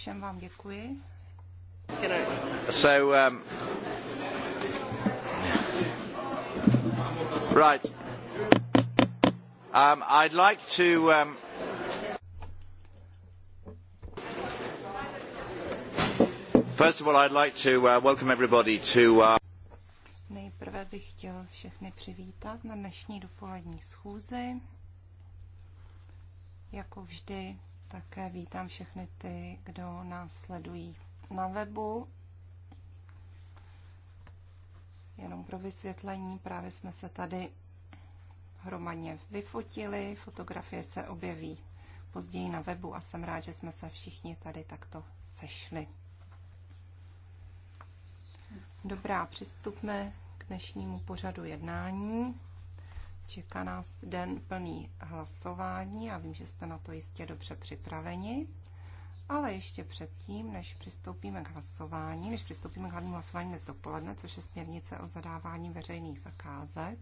Všem vám děkuji. So, um, right. Um, I'd like to. Um, first of all, I'd like to uh, welcome everybody to. Uh, Nejprve bych chtěl všechny přivítat na dnešní dopolední schůzi. Jako vždy také vítám všechny ty, kdo nás sledují na webu. Jenom pro vysvětlení, právě jsme se tady hromadně vyfotili, fotografie se objeví později na webu a jsem rád, že jsme se všichni tady takto sešli. Dobrá, přistupme k dnešnímu pořadu jednání. Čeká nás den plný hlasování a vím, že jste na to jistě dobře připraveni. Ale ještě předtím, než přistoupíme k hlasování, než přistoupíme k hlavnímu hlasování dnes dopoledne, což je směrnice o zadávání veřejných zakázek,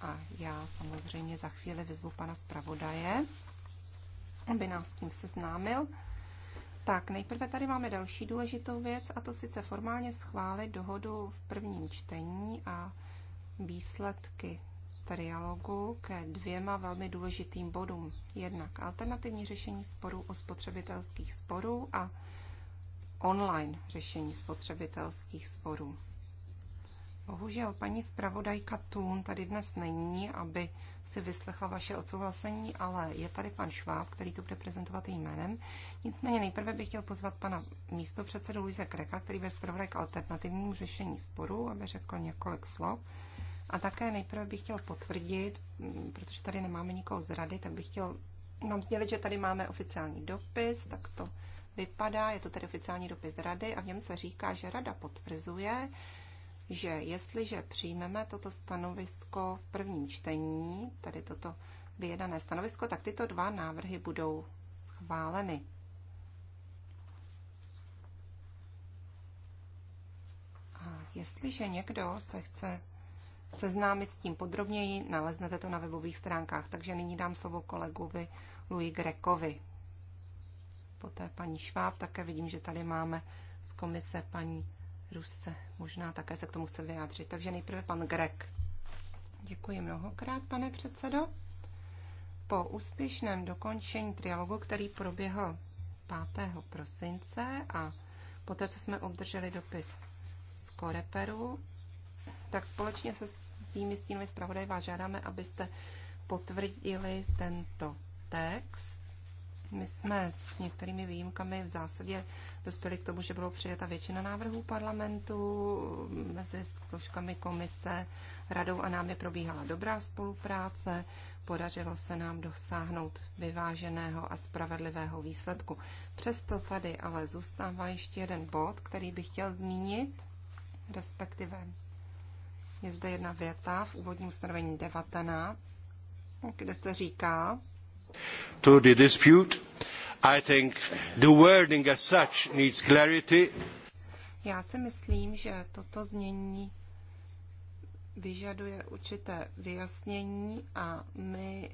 a já samozřejmě za chvíli vyzvu pana zpravodaje, aby nás s tím seznámil. Tak, nejprve tady máme další důležitou věc, a to sice formálně schválit dohodu v prvním čtení a výsledky trialogu ke dvěma velmi důležitým bodům. Jednak alternativní řešení sporů o spotřebitelských sporů a online řešení spotřebitelských sporů. Bohužel paní zpravodajka Tun tady dnes není, aby si vyslechla vaše odsouhlasení, ale je tady pan Šváb, který to bude prezentovat jménem. Nicméně nejprve bych chtěl pozvat pana místopředsedu Luise Kreka, který bude zpravodaj k alternativnímu řešení sporu, aby řekl několik slov. A také nejprve bych chtěl potvrdit, mm, protože tady nemáme nikoho z rady, tak bych chtěl vám sdělit, že tady máme oficiální dopis, tak to vypadá, je to tedy oficiální dopis rady a v něm se říká, že rada potvrzuje, že jestliže přijmeme toto stanovisko v prvním čtení, tady toto vyjedané stanovisko, tak tyto dva návrhy budou schváleny. A jestliže někdo se chce seznámit s tím podrobněji, naleznete to na webových stránkách. Takže nyní dám slovo kolegovi Louis Grekovi. Poté paní Šváb, také vidím, že tady máme z komise paní Ruse. Možná také se k tomu chce vyjádřit. Takže nejprve pan Grek. Děkuji mnohokrát, pane předsedo. Po úspěšném dokončení trialogu, který proběhl 5. prosince a poté, co jsme obdrželi dopis z Koreperu, tak společně se svými stínovými zpravodaji vás žádáme, abyste potvrdili tento text. My jsme s některými výjimkami v zásadě dospěli k tomu, že bylo přijata většina návrhů parlamentu mezi složkami komise, radou a námi probíhala dobrá spolupráce. Podařilo se nám dosáhnout vyváženého a spravedlivého výsledku. Přesto tady ale zůstává ještě jeden bod, který bych chtěl zmínit, respektive je zde jedna věta v úvodním ustanovení 19, kde se říká, to the dispute. I think the wording as such needs clarity. Já si myslím, že toto znění vyžaduje určité vyjasnění a my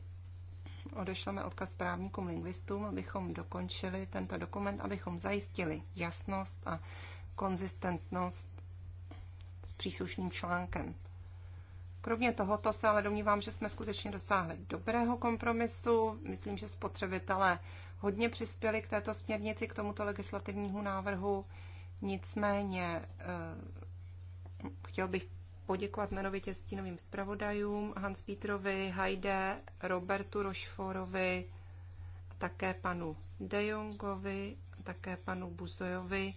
odešleme odkaz právníkům lingvistům, abychom dokončili tento dokument, abychom zajistili jasnost a konzistentnost s příslušným článkem. Kromě tohoto se ale domnívám, že jsme skutečně dosáhli dobrého kompromisu. Myslím, že spotřebitelé hodně přispěli k této směrnici, k tomuto legislativnímu návrhu. Nicméně eh, chtěl bych poděkovat jmenovitě stínovým zpravodajům Hans Pítrovi, Hajde, Robertu Rošforovi, také panu De Jongovi, také panu Buzojovi,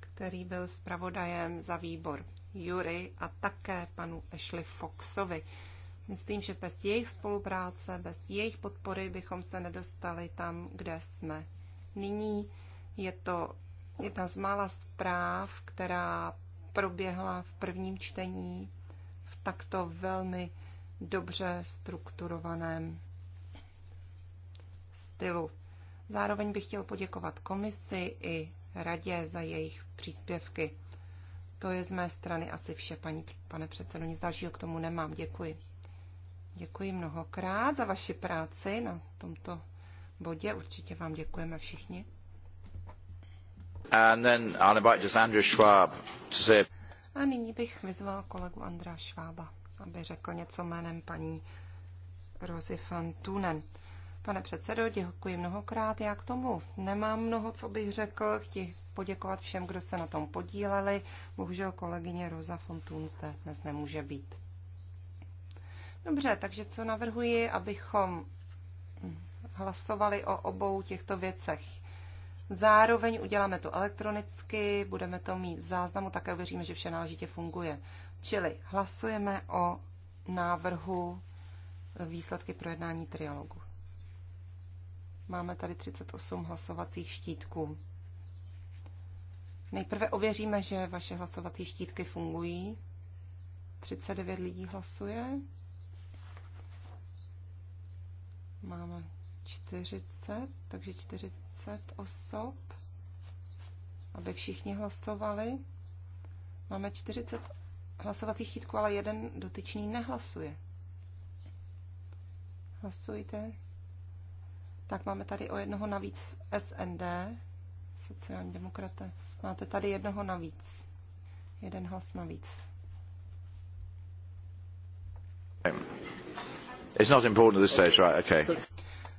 který byl zpravodajem za výbor Jury a také panu Ashley Foxovi. Myslím, že bez jejich spolupráce, bez jejich podpory bychom se nedostali tam, kde jsme nyní. Je to jedna z mála zpráv, která proběhla v prvním čtení v takto velmi dobře strukturovaném stylu. Zároveň bych chtěl poděkovat komisi i radě za jejich příspěvky. To je z mé strany asi vše, paní, pane předsedo. Nic dalšího k tomu nemám. Děkuji. Děkuji mnohokrát za vaši práci na tomto bodě. Určitě vám děkujeme všichni. And then I'll invite just Andrew Schwab to say... A nyní bych vyzval kolegu Andra Schwaba, aby řekl něco jménem paní Rozy van Tunen. Pane předsedo, děkuji mnohokrát. Já k tomu nemám mnoho, co bych řekl. Chci poděkovat všem, kdo se na tom podíleli. Bohužel kolegyně Rosa Fontún zde dnes nemůže být. Dobře, takže co navrhuji, abychom hlasovali o obou těchto věcech. Zároveň uděláme to elektronicky, budeme to mít v záznamu, také věříme, že vše náležitě funguje. Čili hlasujeme o návrhu výsledky projednání trialogu. Máme tady 38 hlasovacích štítků. Nejprve ověříme, že vaše hlasovací štítky fungují. 39 lidí hlasuje. Máme 40, takže 40 osob, aby všichni hlasovali. Máme 40 hlasovacích štítků, ale jeden dotyčný nehlasuje. Hlasujte tak máme tady o jednoho navíc SND, sociální demokraté. Máte tady jednoho navíc. Jeden hlas navíc. It's not important at this stage, right? Okay.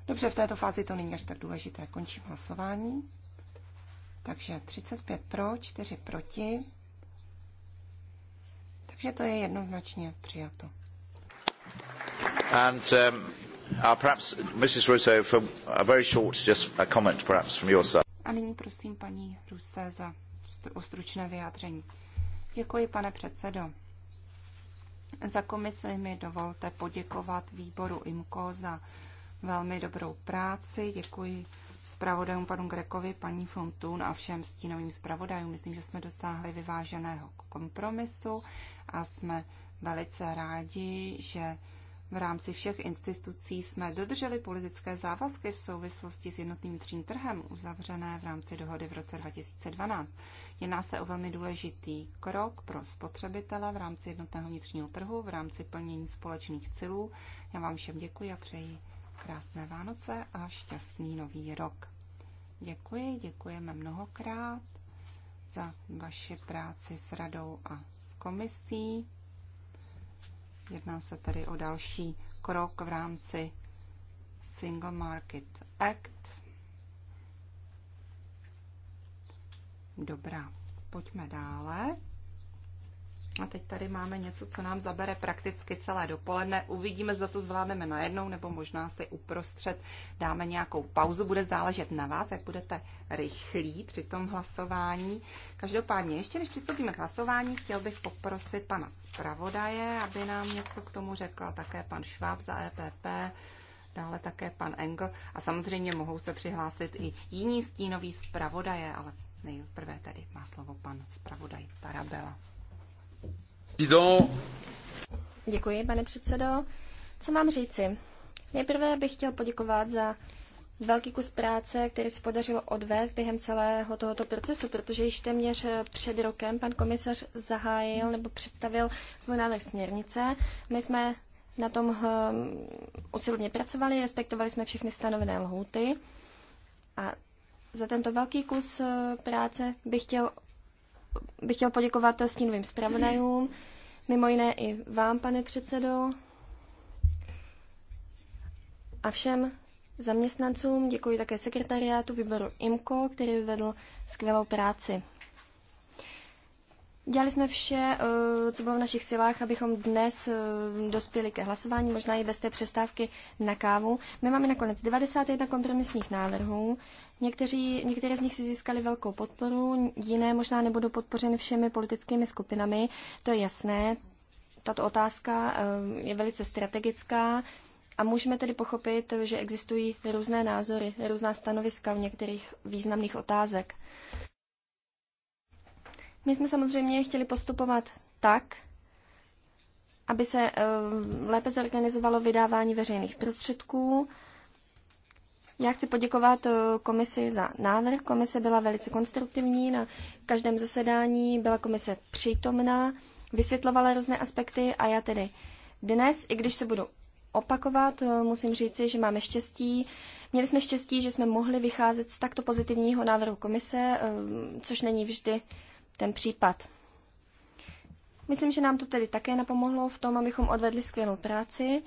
Dobře, v této fázi to není až tak důležité. Končím hlasování. Takže 35 pro, 4 proti. Takže to je jednoznačně přijato. And, um... Uh, perhaps, Mrs. Russo, for a very short, just a comment perhaps from your side. A nyní prosím paní Ruse za o stručné vyjádření. Děkuji, pane předsedo. Za komisi mi dovolte poděkovat výboru IMCO za velmi dobrou práci. Děkuji zpravodajům panu Grekovi, paní Fontun a všem stínovým zpravodajům. Myslím, že jsme dosáhli vyváženého kompromisu a jsme velice rádi, že v rámci všech institucí jsme dodrželi politické závazky v souvislosti s jednotným třím trhem uzavřené v rámci dohody v roce 2012. Jedná se o velmi důležitý krok pro spotřebitele v rámci jednotného vnitřního trhu, v rámci plnění společných cílů. Já vám všem děkuji a přeji krásné Vánoce a šťastný nový rok. Děkuji, děkujeme mnohokrát za vaši práci s radou a s komisí. Jedná se tedy o další krok v rámci Single Market Act. Dobrá, pojďme dále. A teď tady máme něco, co nám zabere prakticky celé dopoledne. Uvidíme, zda to zvládneme najednou, nebo možná si uprostřed dáme nějakou pauzu. Bude záležet na vás, jak budete rychlí při tom hlasování. Každopádně, ještě než přistoupíme k hlasování, chtěl bych poprosit pana zpravodaje, aby nám něco k tomu řekl. Také pan Šváb za EPP, dále také pan Engel. A samozřejmě mohou se přihlásit i jiní stínoví zpravodaje, ale nejprve tady má slovo pan zpravodaj Tarabela. Děkuji, pane předsedo. Co mám říci? Nejprve bych chtěl poděkovat za velký kus práce, který se podařilo odvést během celého tohoto procesu, protože již téměř před rokem pan komisař zahájil nebo představil svůj návrh směrnice. My jsme na tom hm, usilovně pracovali, respektovali jsme všechny stanovené lhůty a za tento velký kus hm, práce bych chtěl bych chtěl poděkovat stínovým zpravodajům, mimo jiné i vám, pane předsedo, a všem zaměstnancům. Děkuji také sekretariátu výboru IMCO, který vedl skvělou práci. Dělali jsme vše, eh, co bylo v našich silách, abychom dnes eh, dospěli ke hlasování, možná i bez té přestávky na kávu. My máme nakonec 91 kompromisních návrhů, Někteří, některé z nich si získali velkou podporu, jiné možná nebudou podpořeny všemi politickými skupinami, to je jasné. Tato otázka eh, je velice strategická a můžeme tedy pochopit, že existují různé názory, různá stanoviska u některých významných otázek. My jsme samozřejmě chtěli postupovat tak, aby se eh, lépe zorganizovalo vydávání veřejných prostředků, já chci poděkovat eh, komisi za návrh. Komise byla velice konstruktivní, na každém zasedání byla komise přítomná, vysvětlovala různé aspekty a já tedy dnes, i když se budu opakovat, eh, musím říci, že máme štěstí. Měli jsme štěstí, že jsme mohli vycházet z takto pozitivního návrhu komise, eh, což není vždy ten případ. Myslím, že nám to tedy také napomohlo v tom, abychom odvedli skvělou práci,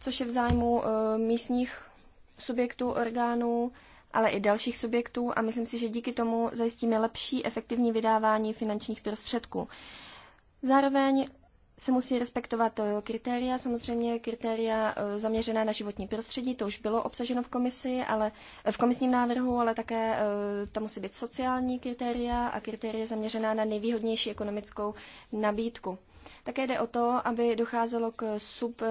což je v zájmu místních subjektů, orgánů, ale i dalších subjektů a myslím si, že díky tomu zajistíme lepší efektivní vydávání finančních prostředků. Zároveň se musí respektovat eh, kritéria, samozřejmě kritéria eh, zaměřená na životní prostředí, to už bylo obsaženo v komisi, ale eh, v komisním návrhu, ale také tam musí být sociální kritéria a kritéria zaměřená na nejvýhodnější ekonomickou nabídku. Také jde o to, aby docházelo k sub eh,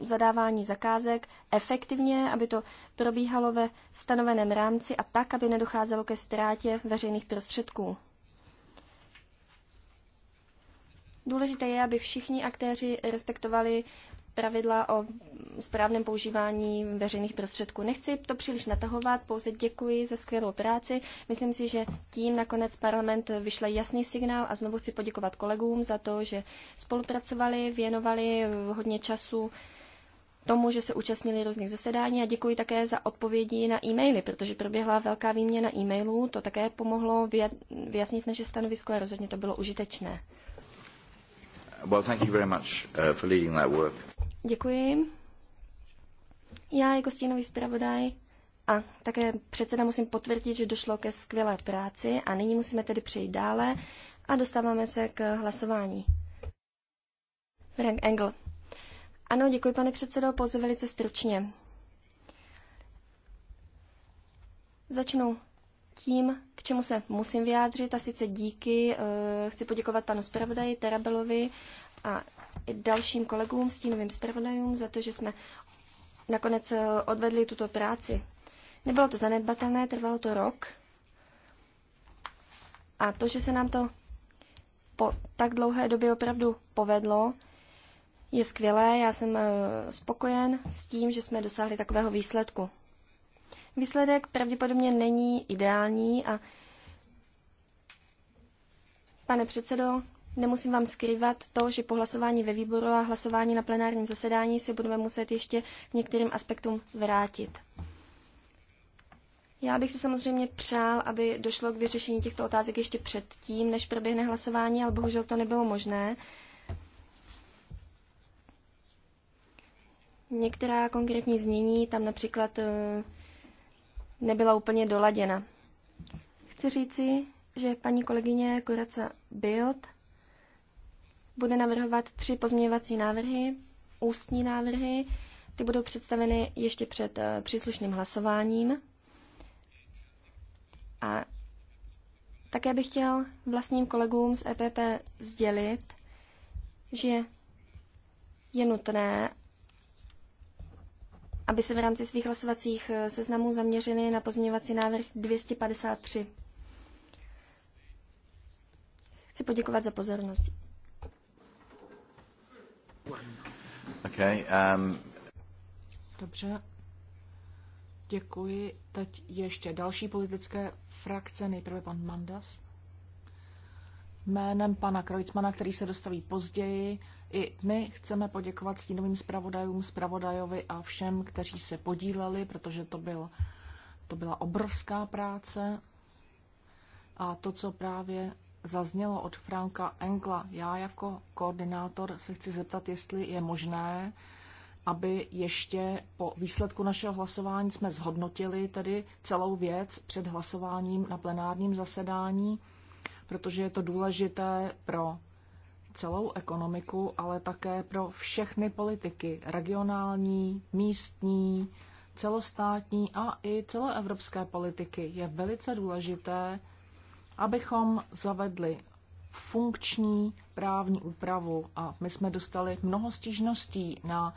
zadávání zakázek efektivně, aby to probíhalo ve stanoveném rámci a tak, aby nedocházelo ke ztrátě veřejných prostředků. Důležité je, aby všichni aktéři respektovali pravidla o správném používání veřejných prostředků. Nechci to příliš natahovat, pouze děkuji za skvělou práci. Myslím si, že tím nakonec parlament vyšle jasný signál a znovu chci poděkovat kolegům za to, že spolupracovali, věnovali hodně času tomu, že se účastnili různých zasedání a děkuji také za odpovědi na e-maily, protože proběhla velká výměna e-mailů, to také pomohlo vyjasnit naše stanovisko a rozhodně to bylo užitečné. Well, thank you very much uh, for leading that work. Děkuji. Já jako stínový zpravodaj a také předseda musím potvrdit, že došlo ke skvělé práci a nyní musíme tedy přejít dále a dostáváme se k hlasování. Frank Engel. Ano, děkuji, pane předsedo, pouze velice stručně. Začnu tím, k čemu se musím vyjádřit, a sice díky. Eh, chci poděkovat panu zpravodaji Terabelovi a i dalším kolegům, stínovým zpravodajům, za to, že jsme nakonec eh, odvedli tuto práci. Nebylo to zanedbatelné, trvalo to rok. A to, že se nám to po tak dlouhé době opravdu povedlo, je skvělé. Já jsem eh, spokojen s tím, že jsme dosáhli takového výsledku. Výsledek pravděpodobně není ideální a pane předsedo, Nemusím vám skrývat to, že po hlasování ve výboru a hlasování na plenárním zasedání se budeme muset ještě k některým aspektům vrátit. Já bych si samozřejmě přál, aby došlo k vyřešení těchto otázek ještě předtím, než proběhne hlasování, ale bohužel to nebylo možné. Některá konkrétní znění tam například eh, nebyla úplně doladěna. Chci říci, že paní kolegyně Kuraca Bild bude navrhovat tři pozměňovací návrhy, ústní návrhy. Ty budou představeny ještě před eh, příslušným hlasováním. A také bych chtěl vlastním kolegům z EPP sdělit, že je nutné, aby se v rámci svých hlasovacích eh, seznamů zaměřili na pozměňovací návrh 253. Chci poděkovat za pozornost. Okay, um... Dobře. Děkuji. Teď ještě další politické frakce. Nejprve pan Mandas. Jménem pana Krojcmana, který se dostaví později, i my chceme poděkovat stínovým zpravodajům, zpravodajovi a všem, kteří se podíleli, protože to, byl, to byla obrovská práce. A to, co právě zaznělo od Franka Engla. Já jako koordinátor se chci zeptat, jestli je možné, aby ještě po výsledku našeho hlasování jsme zhodnotili tedy celou věc před hlasováním na plenárním zasedání, protože je to důležité pro celou ekonomiku, ale také pro všechny politiky, regionální, místní, celostátní a i celoevropské politiky. Je velice důležité, abychom zavedli funkční právní úpravu a my jsme dostali mnoho stížností na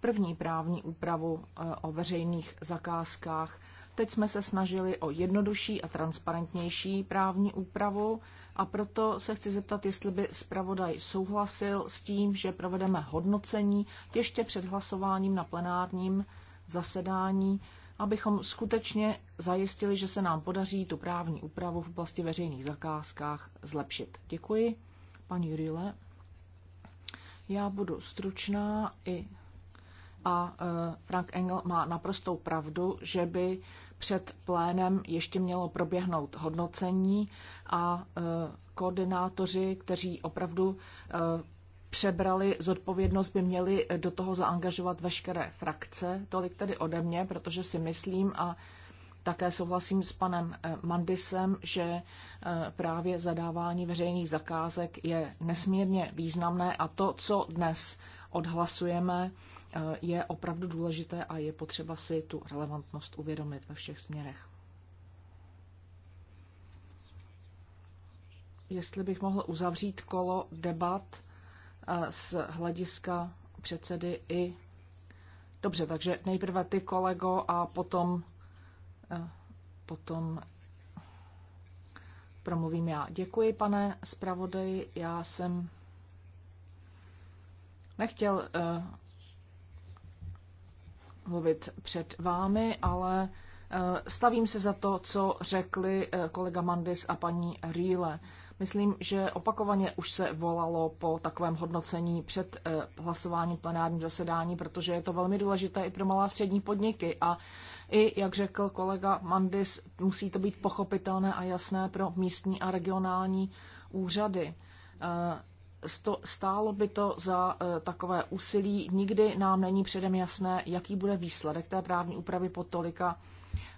první právní úpravu eh, o veřejných zakázkách. Teď jsme se snažili o jednodušší a transparentnější právní úpravu a proto se chci zeptat, jestli by zpravodaj souhlasil s tím, že provedeme hodnocení ještě před hlasováním na plenárním zasedání abychom skutečně zajistili, že se nám podaří tu právní úpravu v oblasti veřejných zakázkách zlepšit. Děkuji, paní Rile. Já budu stručná i a e, Frank Engel má naprostou pravdu, že by před plénem ještě mělo proběhnout hodnocení a e, koordinátoři, kteří opravdu e, přebrali zodpovědnost, by měli do toho zaangažovat veškeré frakce. Tolik tedy ode mě, protože si myslím a také souhlasím s panem eh, Mandisem, že eh, právě zadávání veřejných zakázek je nesmírně významné a to, co dnes odhlasujeme, eh, je opravdu důležité a je potřeba si tu relevantnost uvědomit ve všech směrech. Jestli bych mohl uzavřít kolo debat, z hlediska předsedy i. Dobře, takže nejprve ty kolego a potom, eh, potom promluvím já. Děkuji, pane zpravodaji. Já jsem nechtěl uh, mluvit před vámi, ale uh, stavím se za to, co řekli uh, kolega Mandis a paní Rýle. Uh, Myslím, že opakovaně už se volalo po takovém hodnocení před eh, hlasováním plenárním zasedání, protože je to velmi důležité i pro malá střední podniky a i, jak řekl kolega Mandis, musí to být pochopitelné a jasné pro místní a regionální úřady eh, stálo by to za eh, takové úsilí. Nikdy nám není předem jasné, jaký bude výsledek té právní úpravy po tolika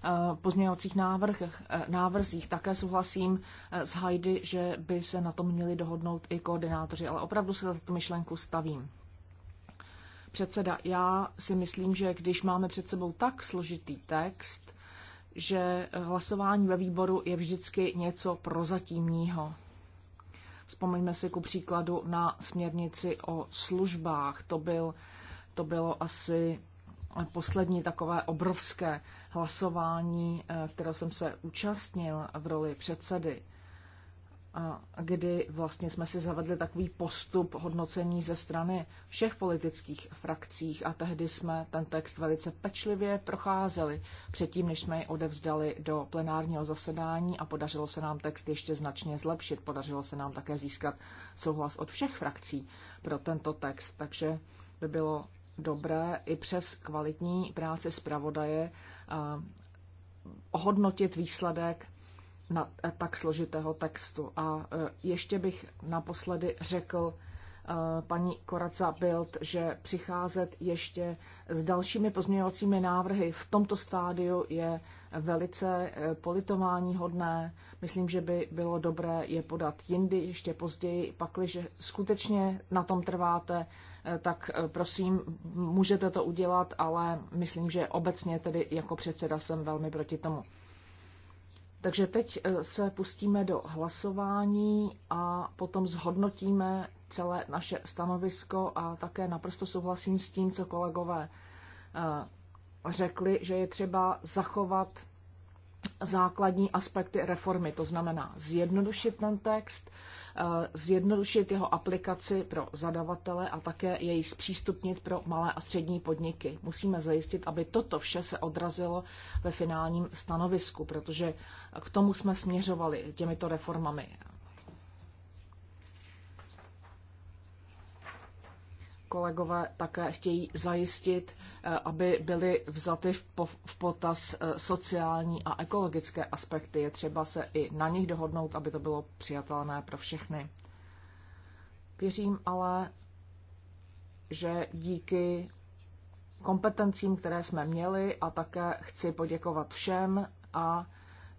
Eh, pozměňovacích návrh, eh, návrzích. Také souhlasím eh, s Heidi, že by se na tom měli dohodnout i koordinátoři, ale opravdu se za tu myšlenku stavím. Předseda, já si myslím, že když máme před sebou tak složitý text, že hlasování ve výboru je vždycky něco prozatímního. Vzpomeňme si ku příkladu na směrnici o službách. To, byl, to bylo asi poslední takové obrovské hlasování, eh, které jsem se účastnil v roli předsedy, kdy vlastně jsme si zavedli takový postup hodnocení ze strany všech politických frakcích a tehdy jsme ten text velice pečlivě procházeli předtím, než jsme ji odevzdali do plenárního zasedání a podařilo se nám text ještě značně zlepšit. Podařilo se nám také získat souhlas od všech frakcí pro tento text, takže by bylo dobré i přes kvalitní práci zpravodaje ohodnotit výsledek na tak složitého textu. A e, ještě bych naposledy řekl Eh, paní Koraca Bild, že přicházet ještě s dalšími pozměňovacími návrhy v tomto stádiu je velice eh, politování hodné. Myslím, že by bylo dobré je podat jindy, ještě později. Pakliže skutečně na tom trváte, eh, tak prosím, můžete to udělat, ale myslím, že obecně tedy jako předseda jsem velmi proti tomu. Takže teď eh, se pustíme do hlasování a potom zhodnotíme celé naše stanovisko a také naprosto souhlasím s tím, co kolegové eh, řekli, že je třeba zachovat základní aspekty reformy, to znamená zjednodušit ten text, eh, zjednodušit jeho aplikaci pro zadavatele a také jej zpřístupnit pro malé a střední podniky. Musíme zajistit, aby toto vše se odrazilo ve finálním stanovisku, protože k tomu jsme směřovali těmito reformami. kolegové také chtějí zajistit, eh, aby byly vzaty v potaz eh, sociální a ekologické aspekty. Je třeba se i na nich dohodnout, aby to bylo přijatelné pro všechny. Věřím ale, že díky kompetencím, které jsme měli a také chci poděkovat všem a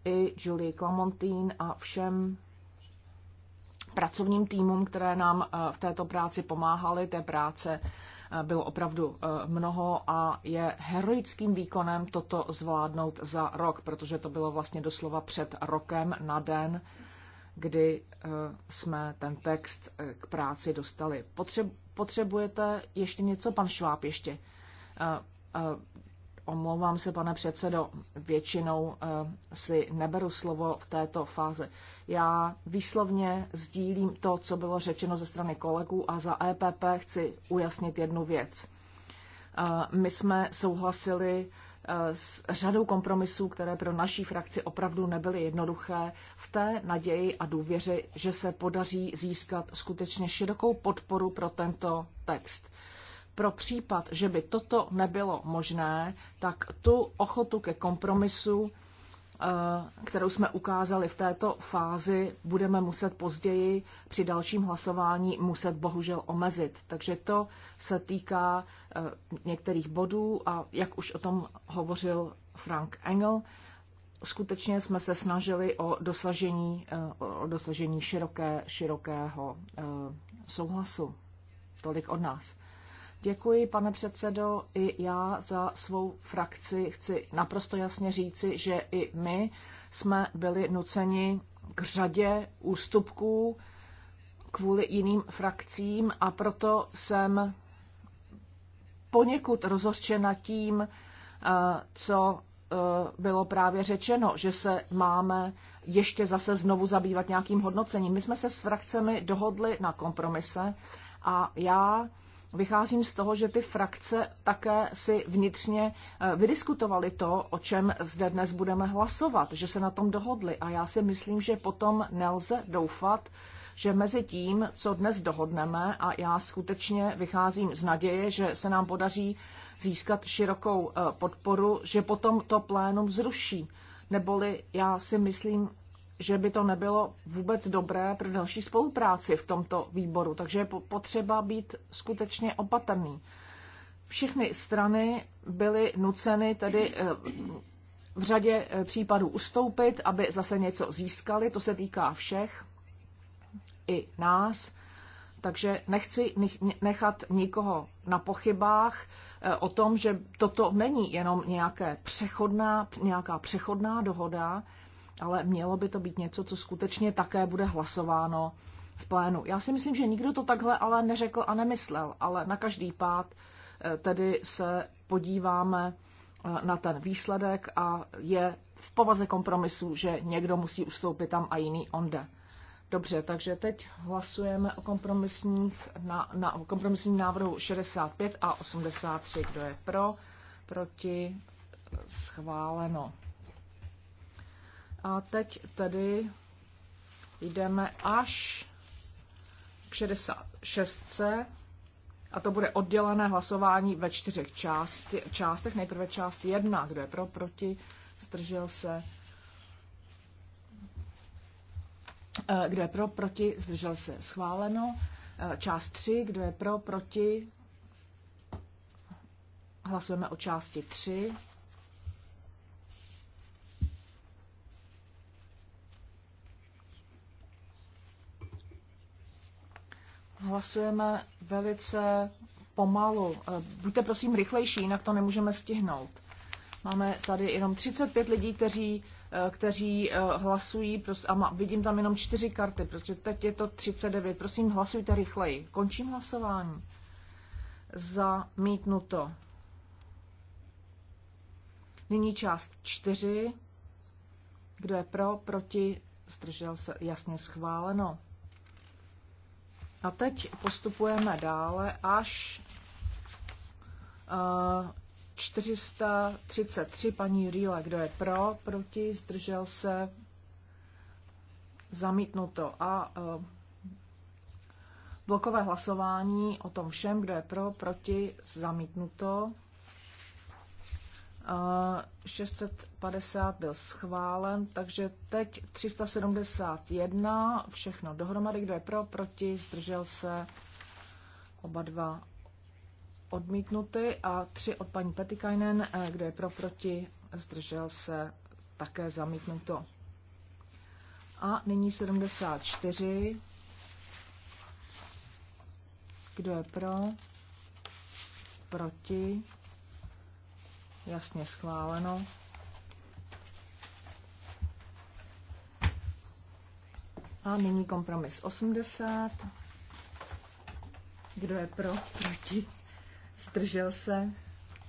i Julie Clamontín a všem pracovním týmům, které nám eh, v této práci pomáhaly. Té práce eh, bylo opravdu eh, mnoho a je heroickým výkonem toto zvládnout za rok, protože to bylo vlastně doslova před rokem na den, kdy jsme ten text k práci dostali. Potřebujete ještě něco, pan Šváb, ještě? Omlouvám se, pane předsedo, většinou si neberu slovo v této fázi. Já výslovně sdílím to, co bylo řečeno ze strany kolegů a za EPP chci ujasnit jednu věc. Eh, my jsme souhlasili eh, s řadou kompromisů, které pro naší frakci opravdu nebyly jednoduché, v té naději a důvěře, že se podaří získat skutečně širokou podporu pro tento text. Pro případ, že by toto nebylo možné, tak tu ochotu ke kompromisu Eh, kterou jsme ukázali v této fázi, budeme muset později při dalším hlasování muset bohužel omezit. Takže to se týká eh, některých bodů a jak už o tom hovořil Frank Engel, skutečně jsme se snažili o dosažení, eh, o dosažení široké, širokého souhlasu. Tolik od nás. Děkuji, pane předsedo, i já za svou frakci chci naprosto jasně říci, že i my jsme byli nuceni k řadě ústupků kvůli jiným frakcím a proto jsem poněkud rozhořčena tím, eh, co eh, bylo právě řečeno, že se máme ještě zase znovu zabývat nějakým hodnocením. My jsme se s frakcemi dohodli na kompromise a já Vycházím z toho, že ty frakce také si vnitřně eh, vydiskutovali to, o čem zde dnes budeme hlasovat, že se na tom dohodli. A já si myslím, že potom nelze doufat, že mezi tím, co dnes dohodneme, a já skutečně vycházím z naděje, že se nám podaří získat širokou eh, podporu, že potom to plénum zruší. Neboli já si myslím, že by to nebylo vůbec dobré pro další spolupráci v tomto výboru. Takže je potřeba být skutečně opatrný. Všechny strany byly nuceny tedy eh, v řadě eh, případů ustoupit, aby zase něco získali. To se týká všech, i nás. Takže nechci nechat nikoho na pochybách eh, o tom, že toto není jenom nějaké přechodná, nějaká přechodná dohoda, ale mělo by to být něco, co skutečně také bude hlasováno v plénu. Já si myslím, že nikdo to takhle ale neřekl a nemyslel, ale na každý pád eh, tedy se podíváme eh, na ten výsledek a je v povaze kompromisu, že někdo musí ustoupit tam a jiný onde. Dobře, takže teď hlasujeme o, kompromisních, na, na, o kompromisním návrhu 65 a 83. Kdo je pro? Proti? Schváleno. A teď tedy jdeme až k 66. A to bude oddělené hlasování ve čtyřech části, částech. Nejprve část 1, kdo je pro, proti, zdržel se. Eh, kdo je pro, proti, zdržel se, schváleno. Eh, část 3, kdo je pro, proti, hlasujeme o části 3. Hlasujeme velice pomalu. E, buďte prosím rychlejší, jinak to nemůžeme stihnout. Máme tady jenom 35 lidí, kteří, e, kteří e, hlasují a vidím tam jenom čtyři karty, protože teď je to 39. Prosím, hlasujte rychleji. Končím hlasování. Zamítnuto. Nyní část 4. Kdo je pro, proti, zdržel se, jasně schváleno. A teď postupujeme dále až 433 eh, paní Ríle, Kdo je pro, proti, zdržel se, zamítnuto. A eh, blokové hlasování o tom všem, kdo je pro, proti, zamítnuto. 650 byl schválen, takže teď 371, všechno dohromady, kdo je pro, proti, zdržel se oba dva odmítnuty a tři od paní Petikainen, eh, kdo je pro, proti, zdržel se také zamítnuto. A nyní 74. Kdo je pro? Proti? Jasně schváleno. A nyní kompromis 80. Kdo je pro? Proti? Zdržel se?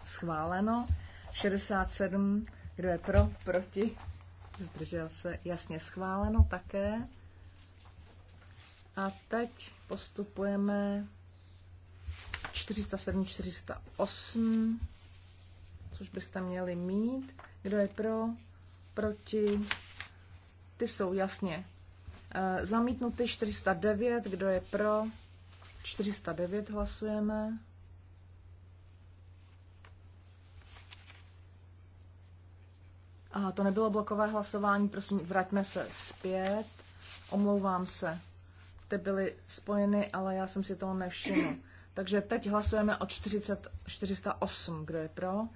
Schváleno. 67. Kdo je pro? Proti? Zdržel se? Jasně schváleno také. A teď postupujeme 407, 408 což byste měli mít. Kdo je pro, proti, ty jsou jasně e, zamítnuty 409, kdo je pro, 409 hlasujeme. Aha, to nebylo blokové hlasování, prosím, vraťme se zpět. Omlouvám se, ty byly spojeny, ale já jsem si toho nevšiml. Takže teď hlasujeme o 40, 408, kdo je pro,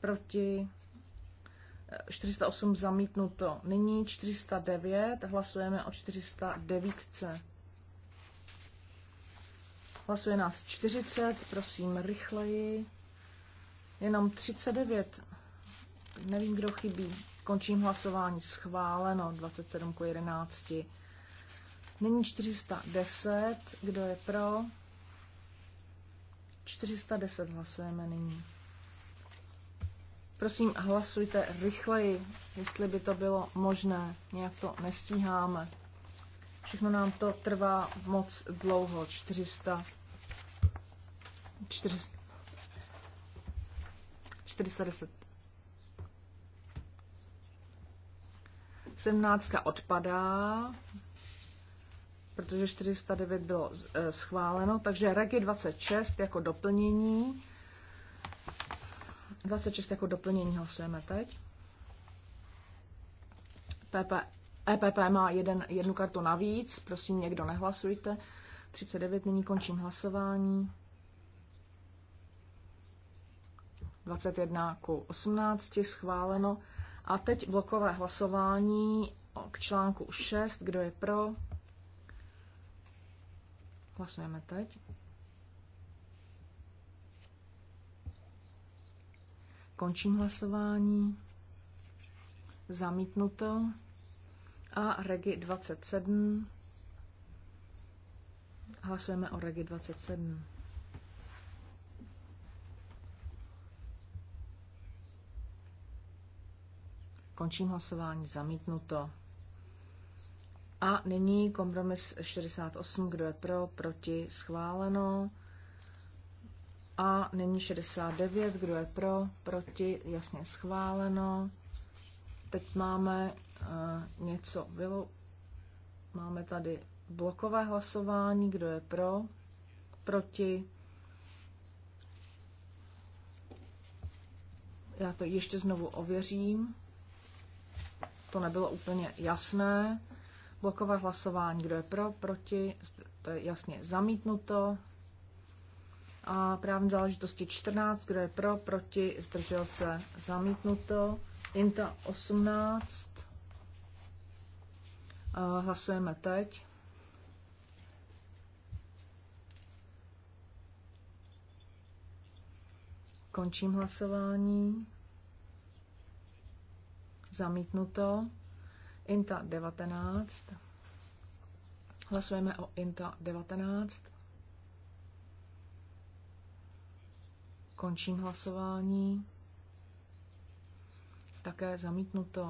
proti, 408 zamítnuto. Nyní 409, hlasujeme o 409. Hlasuje nás 40, prosím rychleji. Jenom 39, nevím, kdo chybí. Končím hlasování, schváleno 27 k 11. Nyní 410, kdo je pro? 410 hlasujeme nyní. Prosím, hlasujte rychleji, jestli by to bylo možné. Nějak to nestíháme. Všechno nám to trvá moc dlouho. 400, 400 410. 17 odpadá, protože 409 bylo eh, schváleno, takže regi 26 jako doplnění 26 jako doplnění hlasujeme teď. PP, EPP má jeden, jednu kartu navíc, prosím někdo nehlasujte. 39, nyní končím hlasování. 21 ku 18 schváleno. A teď blokové hlasování k článku 6. Kdo je pro? Hlasujeme teď. Končím hlasování. Zamítnuto. A Regi 27. Hlasujeme o Regi 27. Končím hlasování. Zamítnuto. A nyní kompromis 68. Kdo je pro? Proti? Schváleno. A nyní 69, kdo je pro, proti, jasně schváleno. Teď máme uh, něco bylo. Máme tady blokové hlasování, kdo je pro, proti. Já to ještě znovu ověřím. To nebylo úplně jasné. Blokové hlasování, kdo je pro, proti, to je jasně zamítnuto a právní záležitosti 14, kdo je pro, proti, zdržel se, zamítnuto. Inta 18, eh, hlasujeme teď. Končím hlasování. Zamítnuto. Inta 19. Hlasujeme o Inta 19. Končím hlasování. Také zamítnuto.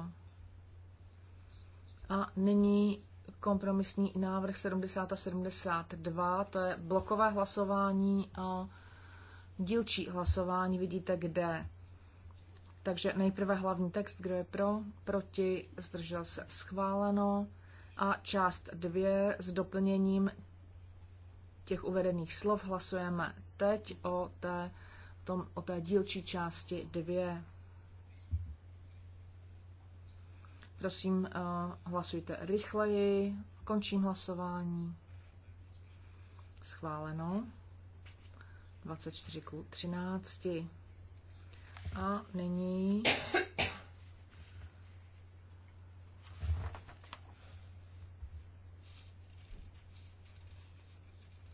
A nyní kompromisní návrh 70 a 72, to je blokové hlasování a dílčí hlasování, vidíte kde. Takže nejprve hlavní text, kdo je pro, proti, zdržel se schváleno a část dvě s doplněním těch uvedených slov hlasujeme teď o té tom, o té dílčí části dvě. Prosím, eh, hlasujte rychleji. Končím hlasování. Schváleno. 24 k 13. A nyní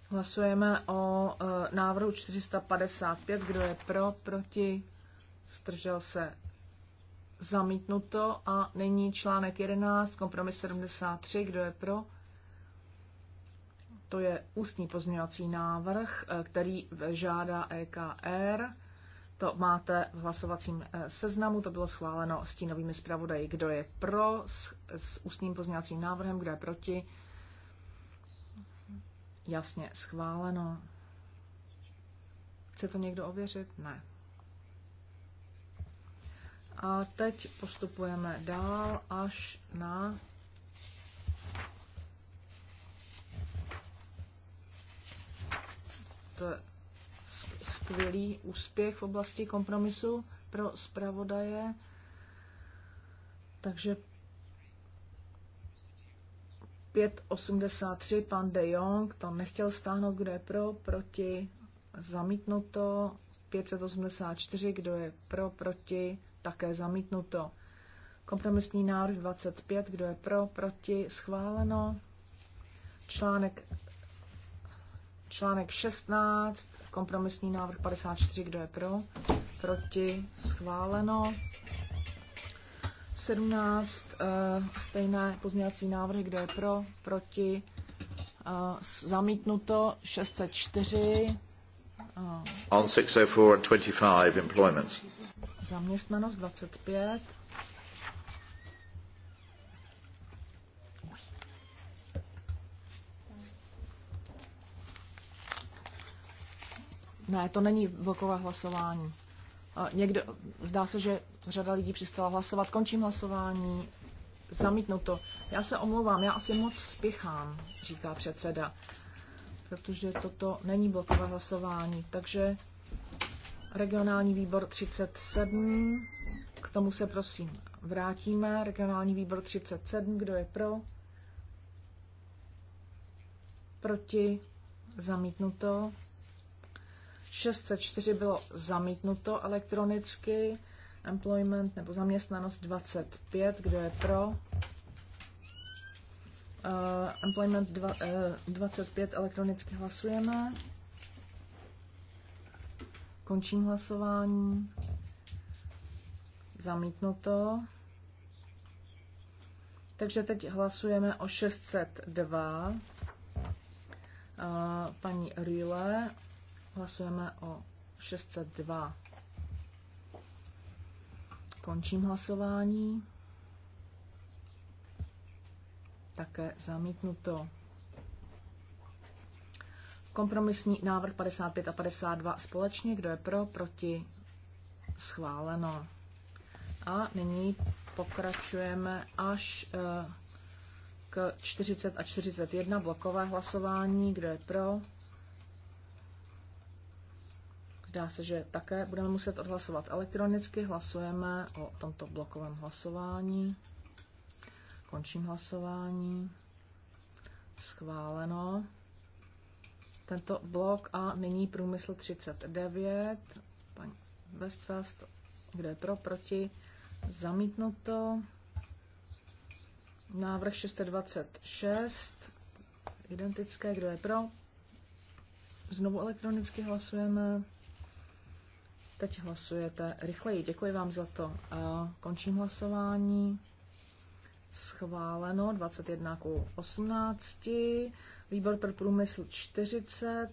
Hlasujeme o e, návrhu 455. Kdo je pro, proti, zdržel se zamítnuto. A nyní článek 11, kompromis 73. Kdo je pro? To je ústní pozměňovací návrh, e, který žádá EKR. To máte v hlasovacím e, seznamu, to bylo schváleno stínovými zpravodaji. Kdo je pro s, s ústním pozměňovacím návrhem, kdo je proti? Jasně, schváleno. Chce to někdo ověřit? Ne. A teď postupujeme dál až na to je skvělý úspěch v oblasti kompromisu pro zpravodaje. Takže 583, pan De Jong, to nechtěl stáhnout, kdo je pro, proti, zamítnuto. 584, kdo je pro, proti, také zamítnuto. Kompromisní návrh 25, kdo je pro, proti, schváleno. Článek, článek 16, kompromisní návrh 54, kdo je pro, proti, schváleno. 17, eh, stejné pozměňovací návrhy, kdo je pro, proti, eh, zamítnuto 604. Eh, On 604 and 25 employment. Zaměstnanost 25. Ne, to není vlkové hlasování. Někdo, zdá se, že řada lidí přistala hlasovat. Končím hlasování. Zamítnuto. Já se omlouvám, já asi moc spěchám, říká předseda, protože toto není blokové hlasování. Takže regionální výbor 37, k tomu se prosím vrátíme. Regionální výbor 37, kdo je pro? Proti? Zamítnuto. 604 bylo zamítnuto elektronicky. Employment nebo zaměstnanost 25, kdo je pro? Uh, employment dva, uh, eh, 25 elektronicky hlasujeme. Končím hlasování. Zamítnuto. Takže teď hlasujeme o 602. Uh, eh, paní Rýle Hlasujeme o 602. Končím hlasování. Také zamítnuto. Kompromisní návrh 55 a 52 společně. Kdo je pro, proti, schváleno. A nyní pokračujeme až eh, k 40 a 41 blokové hlasování. Kdo je pro, Zdá se, že také budeme muset odhlasovat elektronicky. Hlasujeme o tomto blokovém hlasování. Končím hlasování. Schváleno. Tento blok a nyní průmysl 39. Pan Westfest, kde je pro, proti? Zamítnuto. Návrh 626. Identické, kdo je pro? Znovu elektronicky hlasujeme. Teď hlasujete rychleji. Děkuji vám za to. Končím hlasování. Schváleno 21 k 18. Výbor pro průmysl 40.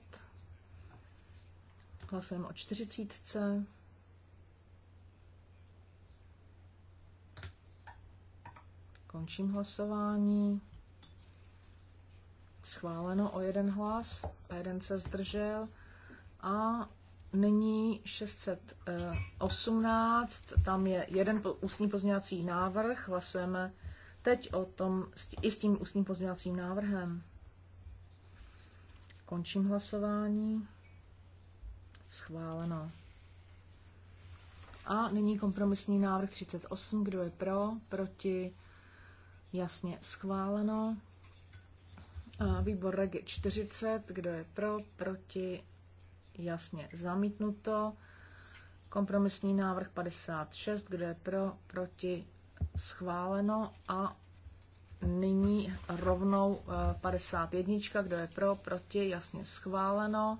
Hlasujeme o 40. Končím hlasování. Schváleno o jeden hlas, jeden se zdržel a Nyní 618, tam je jeden ústní pozměňovací návrh, hlasujeme teď o tom i s tím ústním pozměňovacím návrhem. Končím hlasování. Schváleno. A nyní kompromisní návrh 38. Kdo je pro? Proti? Jasně schváleno. Výbor Regi 40. Kdo je pro? Proti? jasně zamítnuto. Kompromisní návrh 56, kde je pro, proti schváleno a nyní rovnou 51, eh, kdo je pro, proti, jasně schváleno.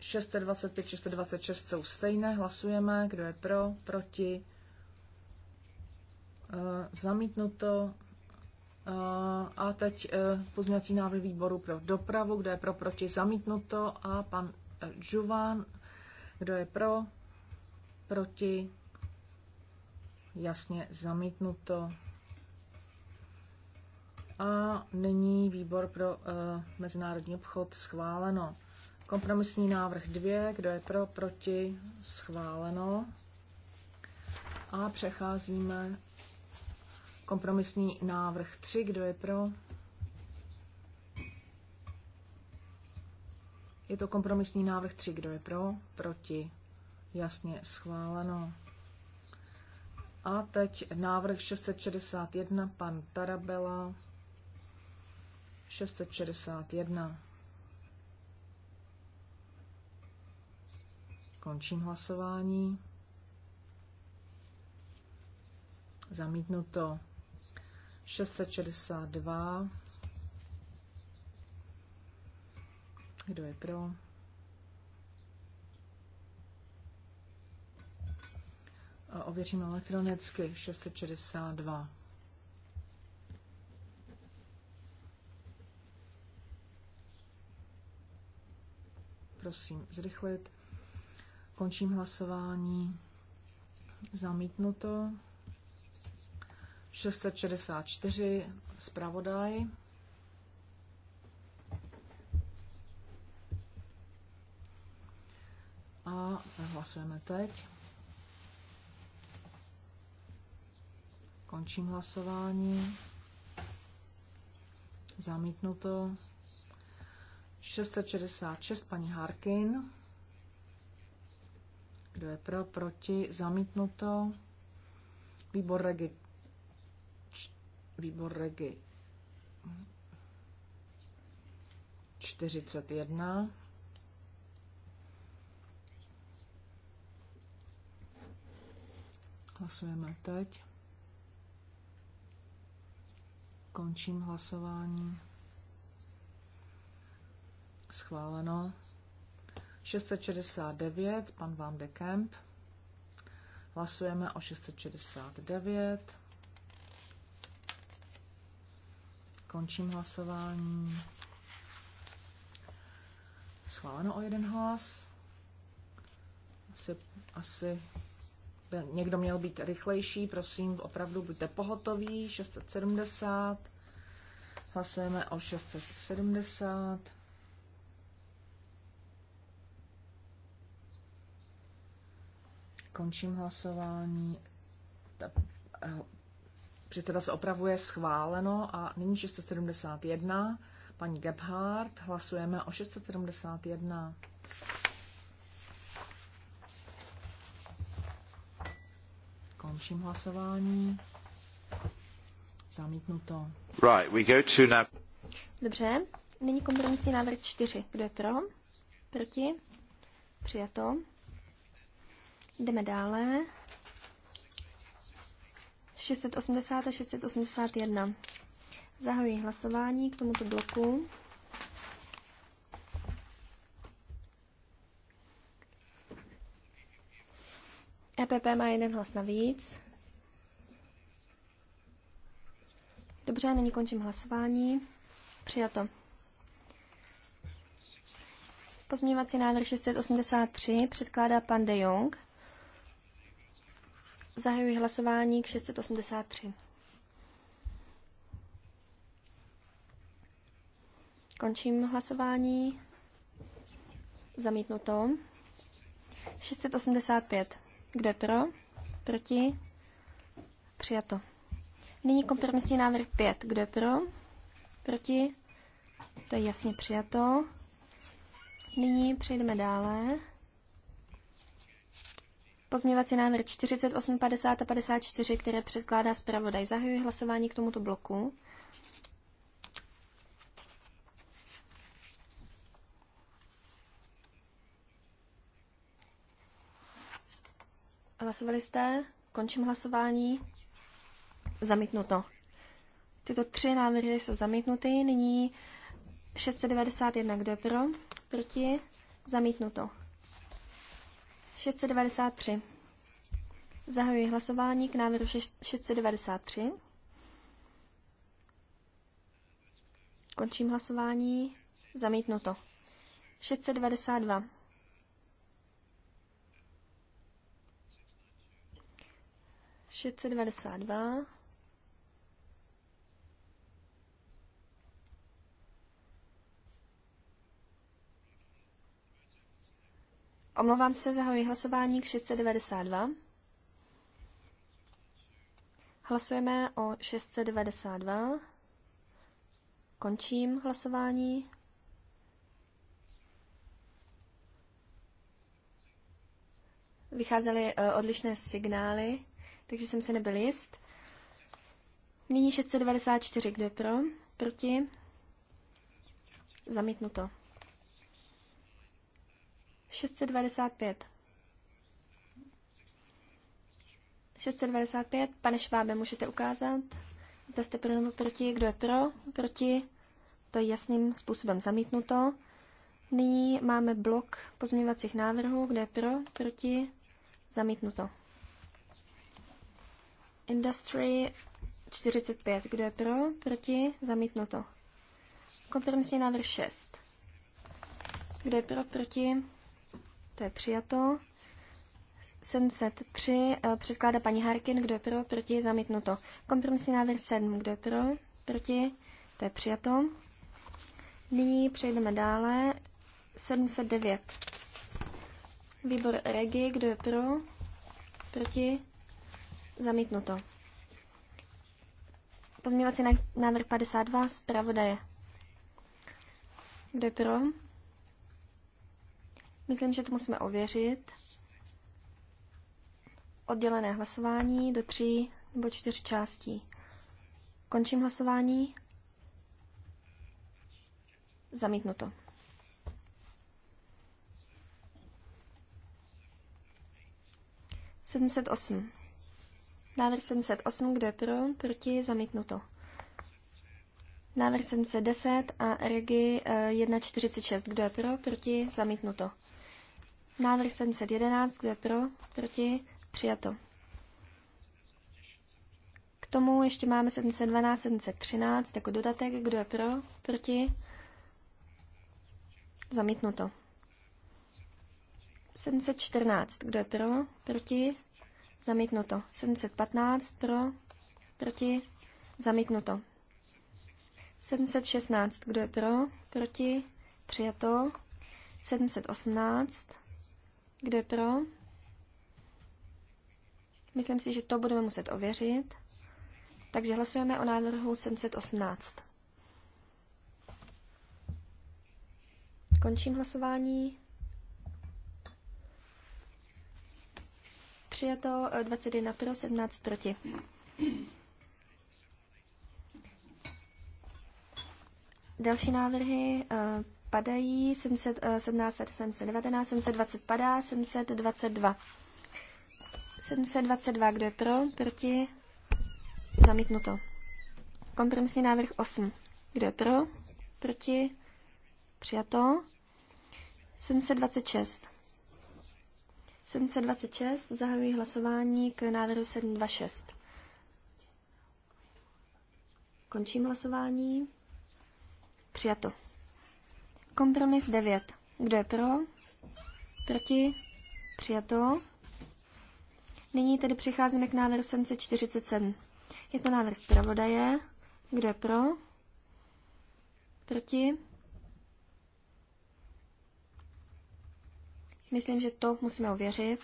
Šeste 25, 626 jsou stejné, hlasujeme, kdo je pro, proti, eh, zamítnuto, Eh, a teď eh, pozměňovací návrh výboru pro dopravu, kde je pro proti zamítnuto a pan eh, Žuvan, kdo je pro, proti, jasně zamítnuto. A nyní výbor pro mezinárodní obchod schváleno. Kompromisní návrh 2, kdo je pro, proti, schváleno. A přecházíme Kompromisní návrh 3, kdo je pro? Je to kompromisní návrh 3, kdo je pro? Proti. Jasně schváleno. A teď návrh 661, pan Tarabela. 661. Končím hlasování. Zamítnuto. 662. Kdo je pro? A ověřím elektronicky 662. Prosím zrychlit. Končím hlasování. Zamítnuto. 664 zpravodaj. A hlasujeme teď. Končím hlasování. Zamítnuto. 666 paní Harkin. Kdo je pro, proti, zamítnuto. Výbor Regi výbor Regi 41. Hlasujeme teď. Končím hlasování. Schváleno. 669, pan Van de Kemp. Hlasujeme o 669. Končím hlasování. Schváleno o jeden hlas. Asi, asi někdo měl být rychlejší, prosím, opravdu buďte pohotoví. 670. Hlasujeme o 670. Končím hlasování. Eh, Předseda se opravuje schváleno a nyní 671. Paní Gebhardt, hlasujeme o 671. Končím hlasování. Zamítnuto. Right, we go to now... Dobře, nyní kompromisní návrh 4. Kdo je pro? Proti? Přijato. Jdeme dále. 680 a 681. Zahajuji hlasování k tomuto bloku. EPP má jeden hlas navíc. Dobře, nyní končím hlasování. Přijato. Pozměňovací návrh 683 předkládá pan De Jong. Zahajuji hlasování k 683. Končím hlasování. Zamítnuto. 685. Kdo je pro? Proti? Přijato. Nyní kompromisní návrh 5. Kdo je pro? Proti? To je jasně přijato. Nyní přejdeme dále. Pozměvací návrh 48, 50 a 54, které předkládá zpravodaj. Zahajuji hlasování k tomuto bloku. Hlasovali jste? Končím hlasování. Zamítnuto. Tyto tři návrhy jsou zamítnuty. Nyní 691, kdo je pro? Proti? Zamítnuto. 693. Zahajuji hlasování k návrhu 693. Končím hlasování. Zamítnuto. 692. 692. Omlouvám se, zahajuji hlasování k 692. Hlasujeme o 692. Končím hlasování. Vycházely eh, odlišné signály, takže jsem se nebyl jist. Nyní 694, kdo je pro? Proti? Zamítnuto. 695. 695. Pane Švábe, můžete ukázat, zda jste pro nebo proti, kdo je pro, proti. To je jasným způsobem zamítnuto. Nyní máme blok pozměňovacích návrhů, kde je pro, proti, zamítnuto. Industry 45, kdo je pro, proti, zamítnuto. Kompromisní návrh 6. Kdo je pro, proti, to je přijato. 703 eh, předkládá paní Harkin, kdo je pro, proti, zamítnuto. Kompromisní návrh 7, kdo je pro, proti, to je přijato. Nyní přejdeme dále. 709. Výbor Regi, kdo je pro, proti, zamítnuto. Pozměňovací návrh 52, zpravodaje. Kdo je pro? Myslím, že to musíme ověřit. Oddělené hlasování do tří nebo čtyř částí. Končím hlasování. Zamítnuto. Sedmset Návrh 708, kdo je pro, proti, zamítnuto. Návrh 710 a regi 146, eh, kdo je pro, proti, zamítnuto. Návrh 711, kdo je pro, proti, přijato. K tomu ještě máme 712, 713 jako dodatek, kdo je pro, proti, zamítnuto. 714, kdo je pro, proti, zamítnuto. 715, pro, proti, zamítnuto. 716, kdo je pro, proti, přijato. 718, kdo je pro? Myslím si, že to budeme muset ověřit. Takže hlasujeme o návrhu 718. Končím hlasování. Přijato 21 eh, pro, 17 proti. Další návrhy eh, padají, 17, 719, 720 padá, 722. 722, kdo je pro, proti, zamítnuto. Kompromisní návrh 8, kdo je pro, proti, přijato. 726. 726, zahajuji hlasování k návrhu 726. Končím hlasování. Přijato. Kompromis 9. Kdo je pro? Proti? Přijato. Nyní tedy přicházíme k návrhu 747. Je to návrh zpravodaje. Kdo je pro? Proti? Myslím, že to musíme ověřit.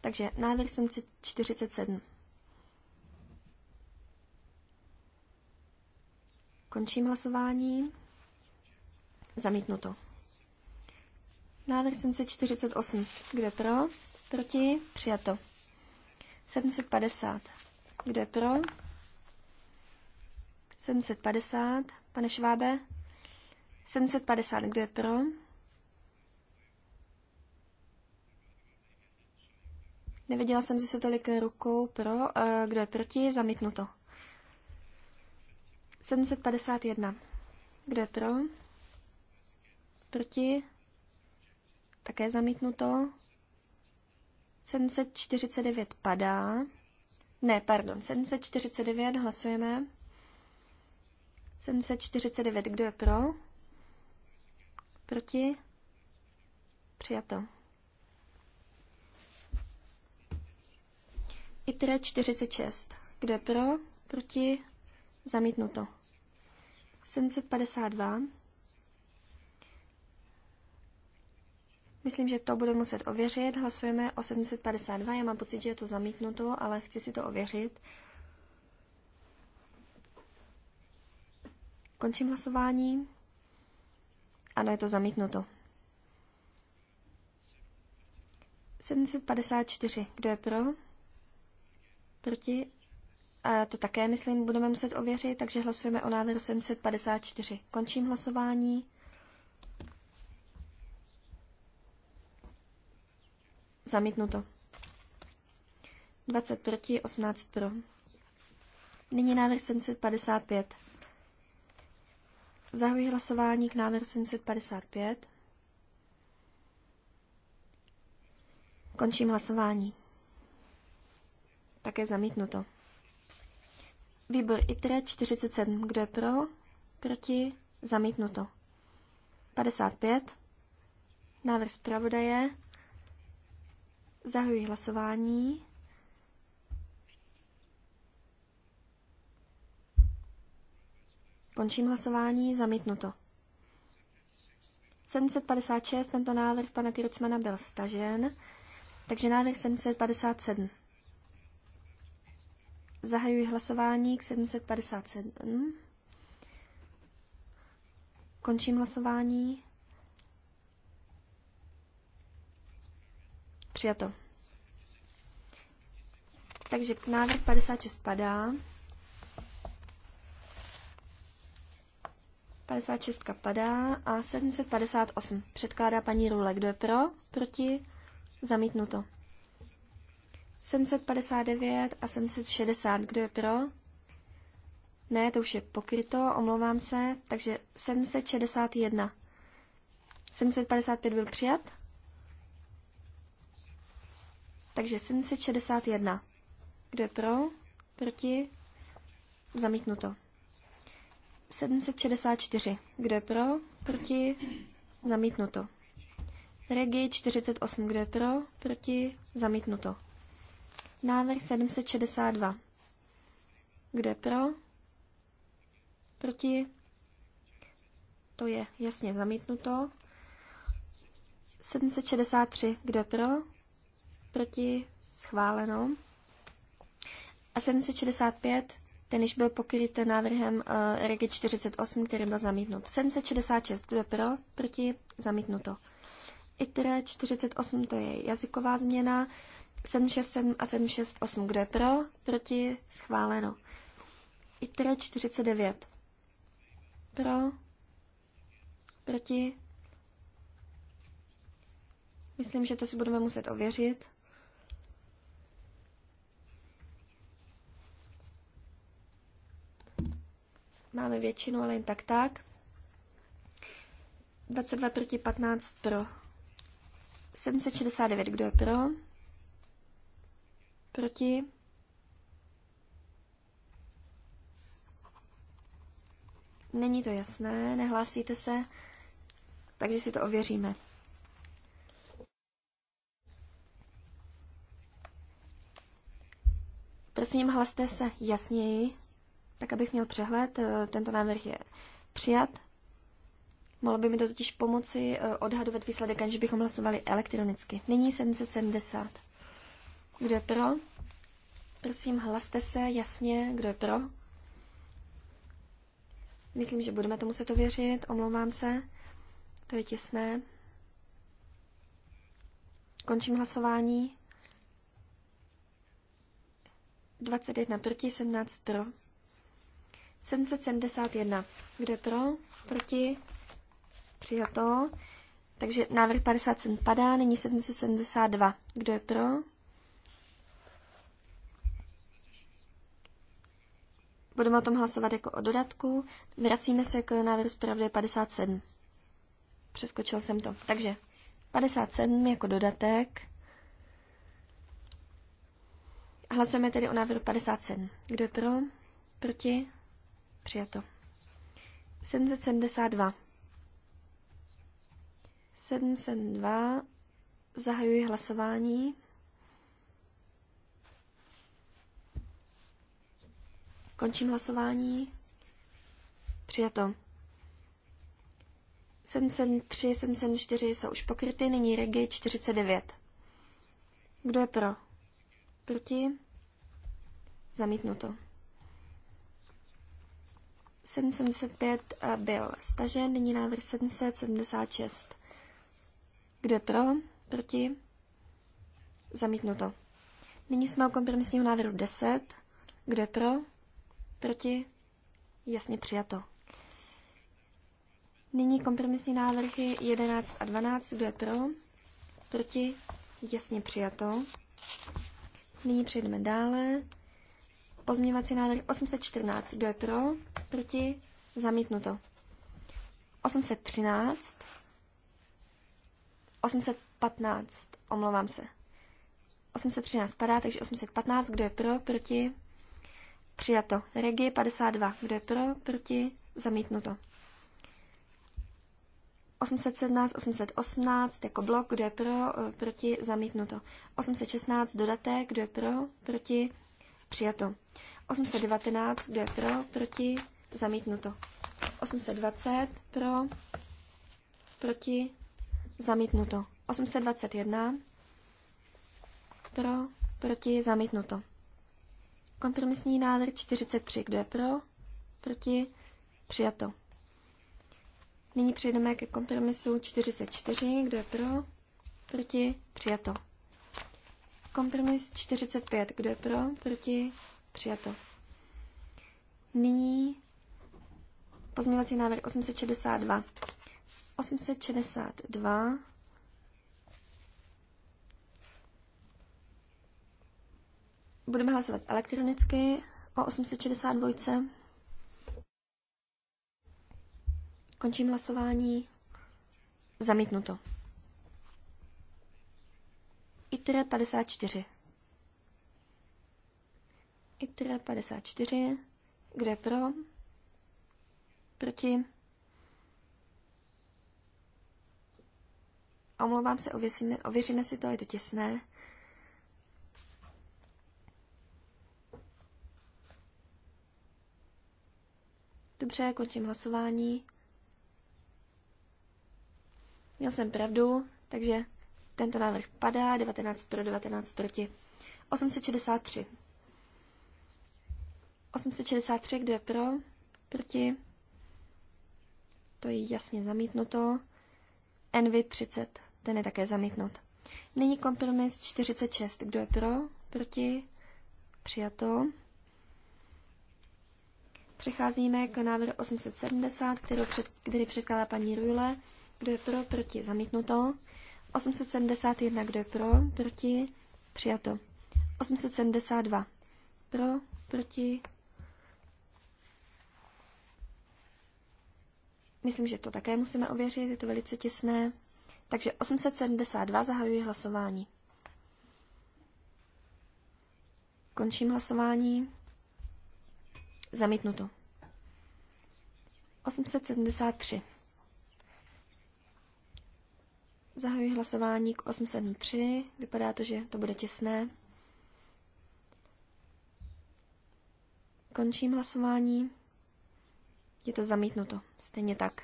Takže návrh 747. Končím hlasování. Zamítnuto. Návrh 748. Kdo je pro? Proti? Přijato. 750. Kdo je pro? 750. Pane Švábe? 750. Kdo je pro? Neviděla jsem zase tolik rukou pro. Eh, kdo je proti? Zamítnuto. 751. Kdo je pro? Proti? Také zamítnuto. 749 padá. Ne, pardon, 749 hlasujeme. 749, kdo je pro? Proti? Přijato. ITRE 46. Kdo je pro? Proti? Zamítnuto. 752. Myslím, že to bude muset ověřit. Hlasujeme o 752. Já mám pocit, že je to zamítnuto, ale chci si to ověřit. Končím hlasování. Ano, je to zamítnuto. 754. Kdo je pro? Proti? A to také, myslím, budeme muset ověřit, takže hlasujeme o návrhu 754. Končím hlasování. Zamítnuto. 20 proti, 18 pro. Nyní návrh 755. Zahuji hlasování k návrhu 755. Končím hlasování. Také zamítnuto. Výbor ITRE 47. Kdo je pro? Proti? Zamítnuto. 55. Návrh zpravodaje Zahajuji hlasování. Končím hlasování, zamítnuto. 756, tento návrh pana Kirocmana byl stažen, takže návrh 757. Zahajuji hlasování k 757. Končím hlasování. Přijato. Takže návrh 56 padá. 56 padá a 758 předkládá paní Rule. Kdo je pro? Proti? Zamítnuto. 759 a 760. Kdo je pro? Ne, to už je pokryto, omlouvám se. Takže 761. 755 byl přijat. Takže 761. Kdo je pro? Proti? Zamítnuto. 764. Kdo je pro? Proti? Zamítnuto. Regi 48. Kdo je pro? Proti? Zamítnuto. Návrh 762. Kdo je pro? Proti? To je jasně zamítnuto. 763. Kdo je pro? proti, schváleno. A 765, ten již byl pokryt návrhem uh, Regi 48, který byl zamítnut. 766, kdo je pro, proti, zamítnuto. ITRE 48, to je jazyková změna. 767 a 768, kdo je pro, proti, schváleno. ITRE 49, pro, proti, Myslím, že to si budeme muset ověřit. Máme většinu, ale jen tak tak. 22 proti 15 pro. 769, kdo je pro? Proti? Není to jasné, nehlásíte se, takže si to ověříme. Prosím, hlaste se jasněji. Tak abych měl přehled, eh, tento návrh je přijat. Mohlo by mi to totiž pomoci eh, odhadovat výsledek, aniž bychom hlasovali elektronicky. Nyní 770. Kdo je pro? Prosím, hlaste se jasně, kdo je pro. Myslím, že budeme to věřit, omlouvám se. To je těsné. Končím hlasování. 21 proti, 17 pro. 771. Kdo je pro? Proti? Přijato. Takže návrh 50 cent padá, nyní 772. Kdo je pro? Budeme o tom hlasovat jako o dodatku. Vracíme se k návrhu zpravodaje 57. Přeskočil jsem to. Takže 57 jako dodatek. Hlasujeme tedy o návrhu 57. Kdo je pro? Proti? Přijato. 772. 772. Zahajuji hlasování. Končím hlasování. Přijato. 773, 774 jsou už pokryty, nyní regi 49. Kdo je pro? Proti? Zamítnuto. 775 eh, byl stažen, nyní návrh 776. Kdo je pro? Proti? Zamítnuto. Nyní jsme u kompromisního návrhu 10. Kdo je pro? Proti? Jasně přijato. Nyní kompromisní návrhy 11 a 12. Kdo je pro? Proti? Jasně přijato. Nyní přejdeme dále. Pozměňovací návrh 814. Kdo je pro? Proti? Zamítnuto. 813. 815. Omlouvám se. 813 padá, takže 815. Kdo je pro? Proti? Přijato. Regi 52. Kdo je pro? Proti? Zamítnuto. 817, 818 jako blok, kdo je pro, proti, zamítnuto. 816 dodatek, kdo je pro, proti, Přijato. 819, kdo je pro, proti, zamítnuto. 820, pro, proti, zamítnuto. 821, pro, proti, zamítnuto. Kompromisní návrh 43, kdo je pro, proti, přijato. Nyní přejdeme ke kompromisu 44, kdo je pro, proti, přijato. Kompromis 45. Kdo je pro? Proti? Přijato. Nyní pozměňovací návrh 862. 862. Budeme hlasovat elektronicky o 862. Končím hlasování. Zamítnuto. ITRE 54. ITRE 54. Kde pro? Proti? Omlouvám se, ověříme, ověříme si to, je to těsné. Dobře, končím hlasování. Měl jsem pravdu, takže tento návrh padá, 19 pro, 19 proti. 863. 863, kdo je pro, proti. To je jasně zamítnuto. Envy 30, ten je také zamítnut. Nyní kompromis 46, kdo je pro, proti, přijato. Přecházíme k návrhu 870, který předkládá paní Rujle. Kdo je pro, proti, zamítnuto. 871, kdo je pro, proti, přijato. 872, pro, proti. Myslím, že to také musíme ověřit, je to velice těsné. Takže 872 zahajuji hlasování. Končím hlasování. Zamítnuto. 873. Zahajuji hlasování k 873. Vypadá to, že to bude těsné. Končím hlasování. Je to zamítnuto. Stejně tak.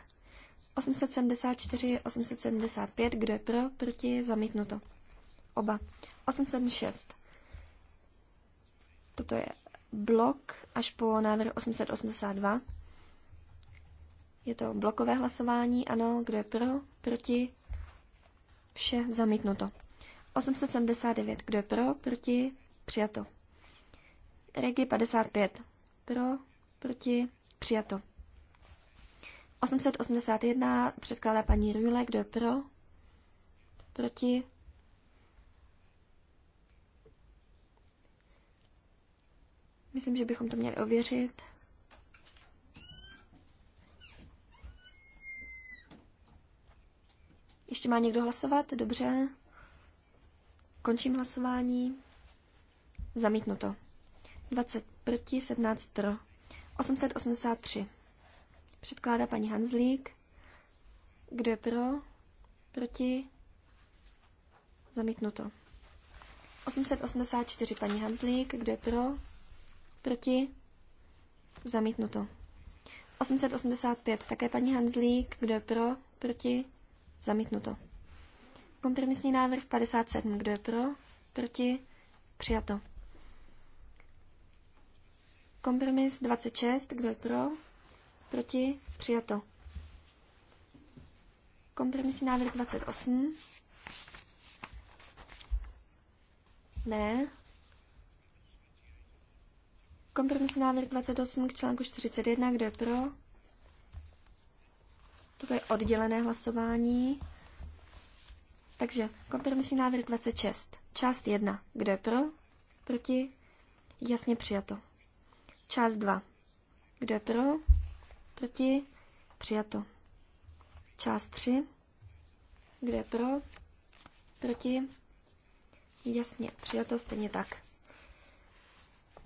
874, 875, kdo je pro, proti, zamítnuto. Oba. 876. Toto je blok až po návrh 882. Je to blokové hlasování, ano, kdo je pro, proti, Vše zamítnuto. 879. Kdo je pro? Proti? Přijato. Regi 55. Pro? Proti? Přijato. 881 předkládá paní Rule, kdo je pro? Proti? Myslím, že bychom to měli ověřit. Ještě má někdo hlasovat? Dobře. Končím hlasování. Zamítnuto. 20 proti, 17 pro. 883. Předkládá paní Hanzlík. Kdo je pro? Proti? Zamítnuto. 884 paní Hanzlík. Kdo je pro? Proti? Zamítnuto. 885 také paní Hanzlík. Kdo je pro? Proti? Zamítnuto. Kompromisní návrh 57. Kdo je pro? Proti? Přijato. Kompromis 26. Kdo je pro? Proti? Přijato. Kompromisní návrh 28. Ne. Kompromisní návrh 28 k článku 41. Kdo je pro? Toto je oddělené hlasování. Takže kompromisní návrh 26. Část 1. Kdo je pro? Proti? Jasně přijato. Část 2. Kdo je pro? Proti? Přijato. Část 3. Kdo je pro? Proti? Jasně, přijato stejně tak.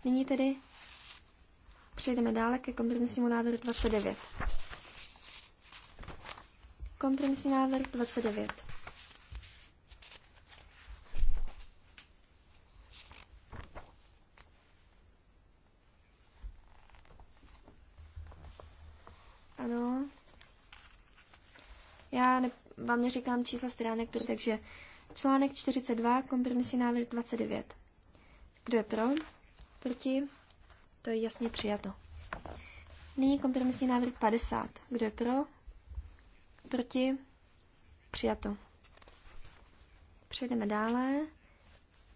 Nyní tedy přejdeme dále ke kompromisnímu návrhu 29. Kompromisní návrh 29. Ano. Já ne, vám neříkám čísla stránek, takže článek 42, kompromisní návrh 29. Kdo je pro? Proti? To je jasně přijato. Nyní kompromisní návrh 50. Kdo je pro? proti, přijato. Přejdeme dále.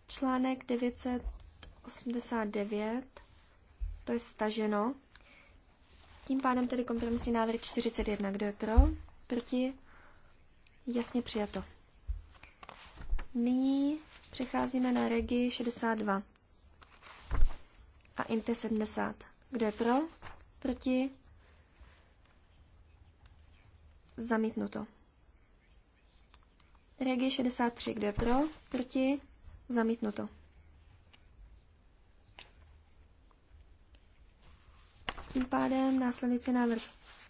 Článek 989, to je staženo. Tím pádem tedy kompromisní návrh 41. Kdo je pro? Proti? Jasně přijato. Nyní přecházíme na regi 62 a INTE 70. Kdo je pro? Proti? Zamítnuto. Regi 63, kdo je pro? Proti? Zamítnuto. Tím pádem následující návrh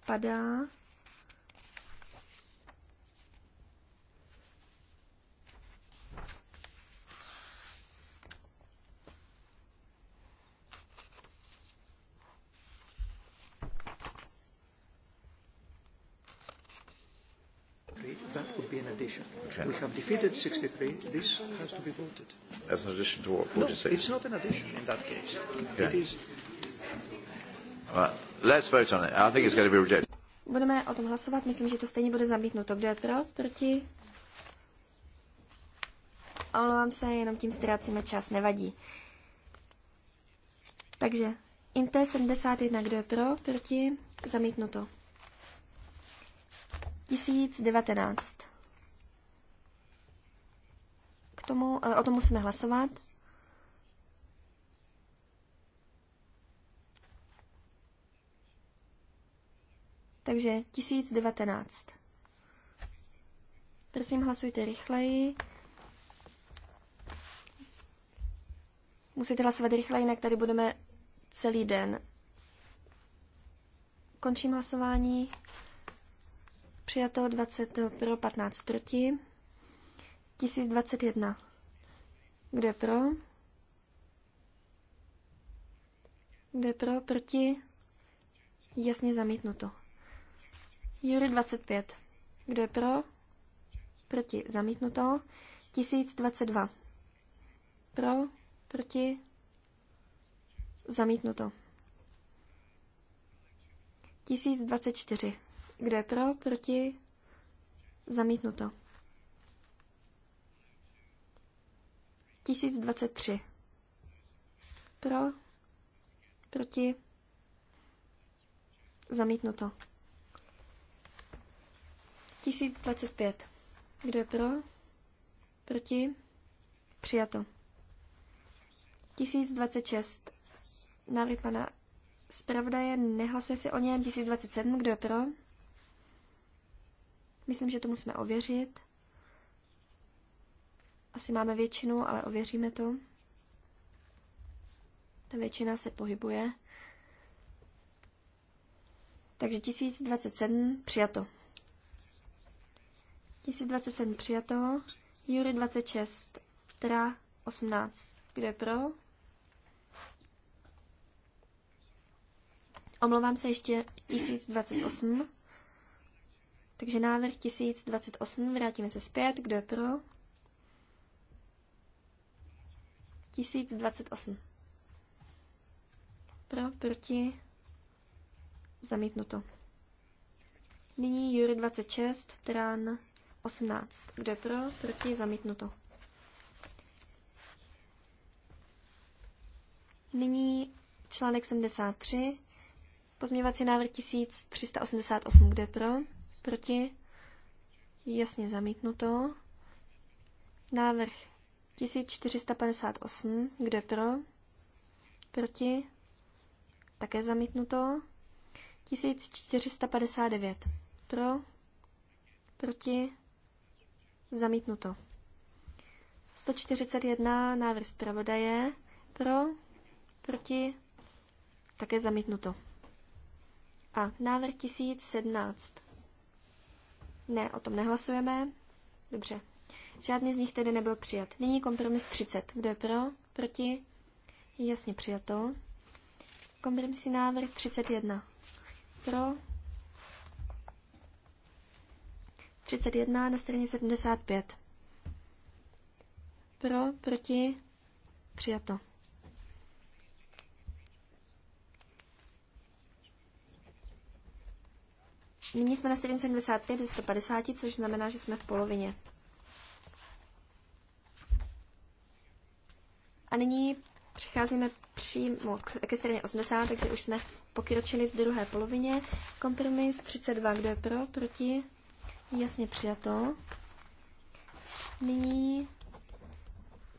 padá. that would be an addition. Okay. We have defeated 63. This has to be voted. As an addition to what? 46? No, it's not an addition in that case. Okay. It is... Right. Let's vote on it. I think it's going to be rejected. Budeme o tom hlasovat. Myslím, že to stejně bude zamítnuto. Kdo je pro? Proti? Omlouvám se, jenom tím ztrácíme čas. Nevadí. Takže Inte 71, kdo je pro? Proti? Zamítnuto. 1019. K tomu, eh, o tom musíme hlasovat. Takže 1019. Prosím, hlasujte rychleji. Musíte hlasovat rychleji, jinak tady budeme celý den. Končím hlasování. Přijato 20 pro, 15 proti. 1021. Kdo je pro? Kdo je pro, proti? Jasně zamítnuto. Jury 25. Kdo je pro? Proti zamítnuto. 1022. Pro, proti, zamítnuto. 1024. Kdo je pro? Proti? Zamítnuto. 1023. Pro? Proti? Zamítnuto. 1025. Kdo je pro? Proti? Přijato. 1026. Návrh pana zpravodaje, nehlasuje se o něm. 1027. Kdo je pro? Myslím, že to musíme ověřit. Asi máme většinu, ale ověříme to. Ta většina se pohybuje. Takže 1027 přijato. 1027 přijato. Jury 26, teda 18. Kdo je pro? Omlouvám se ještě 1028. Takže návrh 1028, vrátíme se zpět, kdo je pro? 1028. Pro, proti, zamítnuto. Nyní Jury 26, Tran 18. Kdo je pro, proti, zamítnuto. Nyní článek 73, pozměňovací návrh 1388. Kdo je pro? proti, jasně zamítnuto. Návrh 1458, kdo je pro, proti, také zamítnuto. 1459, pro, proti, zamítnuto. 141, návrh zpravodaje, pro, proti, také zamítnuto. A návrh 1017. Ne, o tom nehlasujeme. Dobře. Žádný z nich tedy nebyl přijat. Nyní kompromis 30. Kdo je pro? Proti? Jasně přijato. Kompromisní návrh 31. Pro? 31 na straně 75. Pro? Proti? Přijato. Nyní jsme na 775 ze 150, což znamená, že jsme v polovině. A nyní přicházíme přímo ke straně 80, takže už jsme pokročili v druhé polovině. Kompromis 32, kdo je pro, proti, jasně přijato. Nyní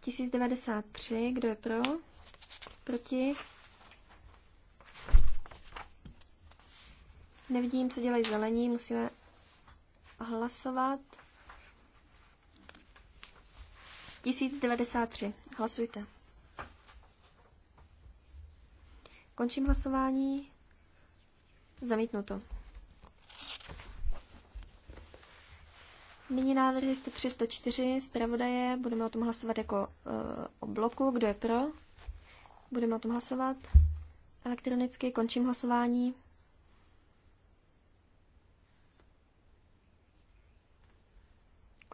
1093, kdo je pro, proti, Nevidím, co dělají zelení, musíme hlasovat. 1093. Hlasujte. Končím hlasování. Zamítnuto. Nyní návrhy 103, 104, zpravodaje. Budeme o tom hlasovat jako uh, o bloku. Kdo je pro? Budeme o tom hlasovat. Elektronicky končím hlasování.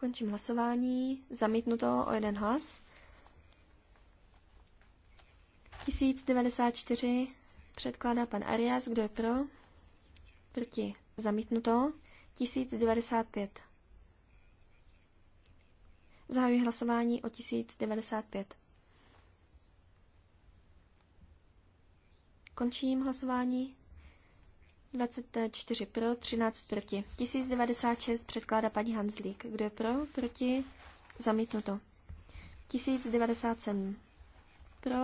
Končím hlasování. Zamítnuto o jeden hlas. 1094 předkládá pan Arias. Kdo je pro? Proti. Zamítnuto. 1095. Zahajuji hlasování o 1095. Končím hlasování. 24 pro, 13 proti. 1096 předkládá paní Hanslík. Kdo je pro, proti, zamítnuto. 1097 pro,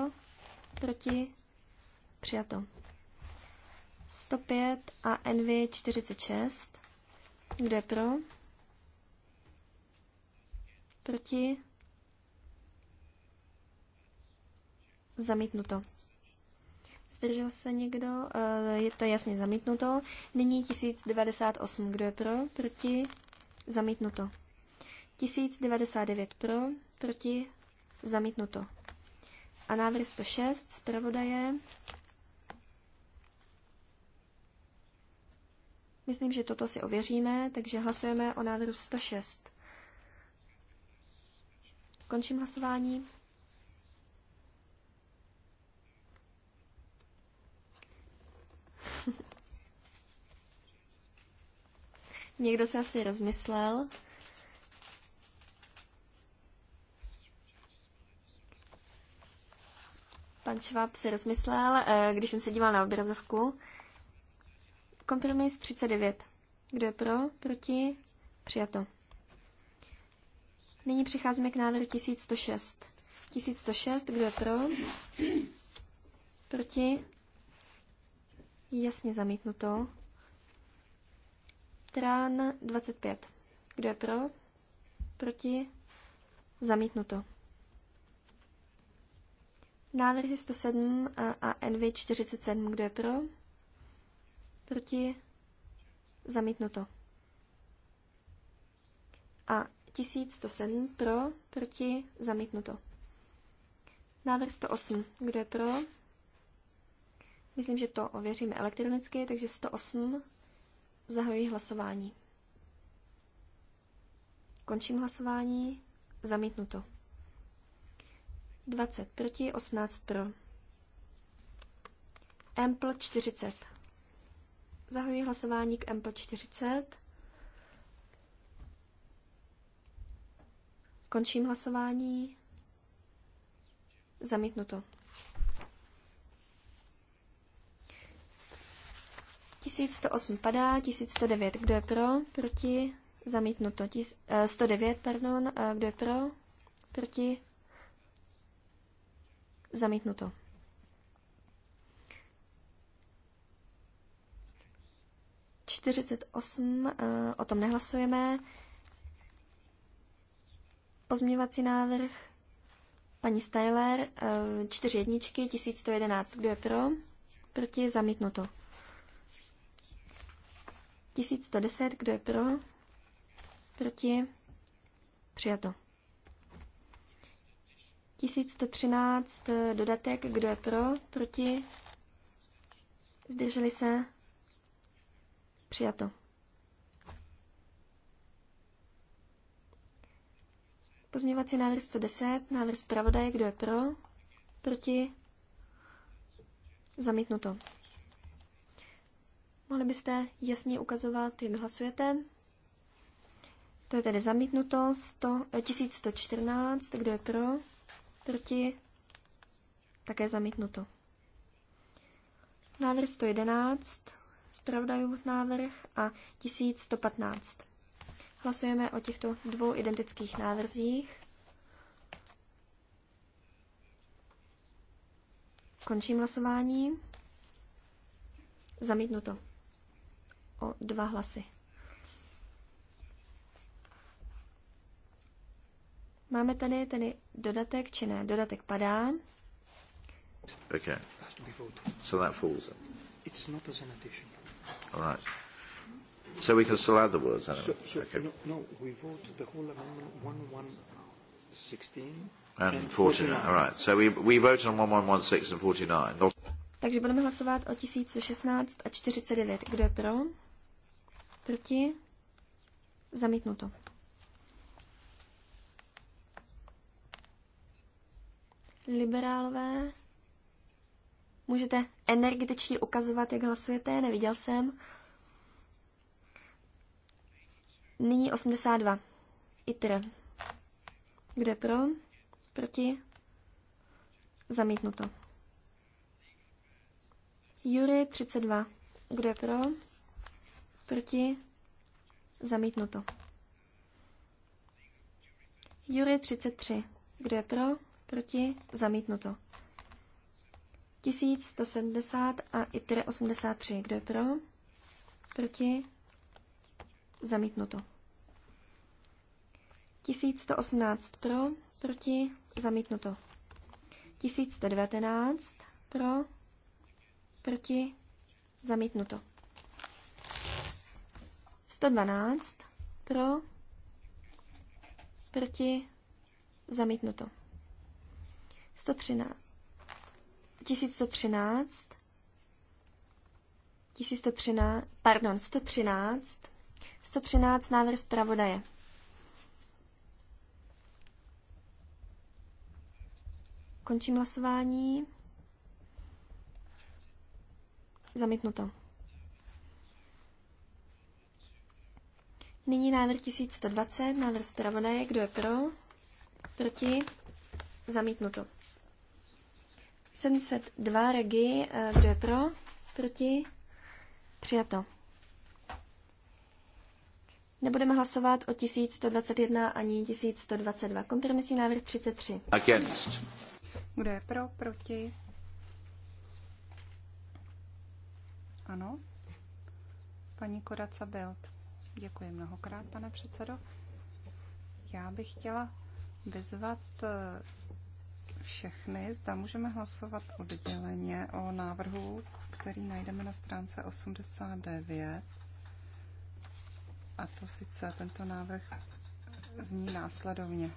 proti, přijato. 105 a NV 46. Kdo je pro? Proti? Zamítnuto. Zdržel se někdo? Eh, je to jasně zamítnuto. Nyní 1098. Kdo je pro? Proti? Zamítnuto. 1099 pro? Proti? Zamítnuto. A návrh 106 zpravodaje. Myslím, že toto si ověříme, takže hlasujeme o návrhu 106. Končím hlasování. Někdo se asi rozmyslel. Pan Čváb si rozmyslel, eh, když jsem se díval na obrazovku. Kompromis 39. Kdo je pro? Proti? Přijato. Nyní přicházíme k návrhu 1106. 1106, kdo je pro? Proti? Jasně zamítnuto. Trán 25. Kdo je pro? Proti? Zamítnuto. Návrhy 107 a, a NV 47. Kdo je pro? Proti? Zamítnuto. A 1107 pro, proti, zamítnuto. Návrh 108. Kdo je pro? Myslím, že to ověříme elektronicky, takže 108 Zahajuji hlasování. Končím hlasování. Zamítnuto. 20 proti, 18 pro. Empl 40. Zahajuji hlasování k Empl 40. Končím hlasování. Zamítnuto. 1108 padá, 1109, kdo je pro, proti, zamítnuto, tis, eh, 109, pardon, eh, kdo je pro, proti, zamítnuto. Eh, o tom nehlasujeme. Pozměňovací návrh paní Styler, eh, čtyři jedničky, 1111, kdo je pro? Proti, zamítnuto. 1110, kdo je pro? Proti? Přijato. 1113 eh, dodatek, kdo je pro? Proti? Zdrželi se? Přijato. Pozměvací návrh 110, návrh zpravodaje, kdo je pro? Proti? Zamítnuto. Mohli byste jasně ukazovat, jak hlasujete? To je tedy zamítnuto 100, 1114. Eh, Kdo je pro? Proti? Také zamítnuto. Návrh 111, zpravodajův návrh a 1115. Hlasujeme o těchto dvou identických návrzích. Končím hlasování. Zamítnuto o dva hlasy. Máme tady tedy dodatek, či ne? Dodatek padá. Okay. So that falls. It's not as an addition. All right. So we can still add the words So, so okay. no, no, we vote the whole amendment 1116 and, and 49. All right. So we, we vote on 1116 and 49. Not... Takže budeme hlasovat o 1016 a 49. Kdo je pro? Proti? Zamítnuto. Liberálové. Můžete energetičně ukazovat, jak hlasujete, neviděl jsem. Nyní 82. ITR. Kde pro? Proti? Zamítnuto. Jury 32. Kde pro? Proti? Zamítnuto. Jury 33. Kdo je pro? Proti? Zamítnuto. 1170 a ITRE 83. Kdo je pro? Proti? Zamítnuto. 1118 pro, proti, zamítnuto. 1119 pro, proti, zamítnuto. 112 pro, proti, zamítnuto. 113. 1113. 1113, pardon, 113. 113 návrh zpravodaje. Končím hlasování. Zamítnuto. Nyní návrh 1120, návrh zpravodaje, kdo je pro, proti, zamítnuto. 702 regi, eh, kdo je pro, proti, přijato. Nebudeme hlasovat o 1121 ani 1122. Kompromisní návrh 33. Against. Kdo je pro, proti? Ano. Paní Koraca Belt. Děkuji mnohokrát, pane předsedo. Já bych chtěla vyzvat eh, všechny, zda můžeme hlasovat odděleně o návrhu, který najdeme na stránce 89. A to sice tento návrh zní následovně.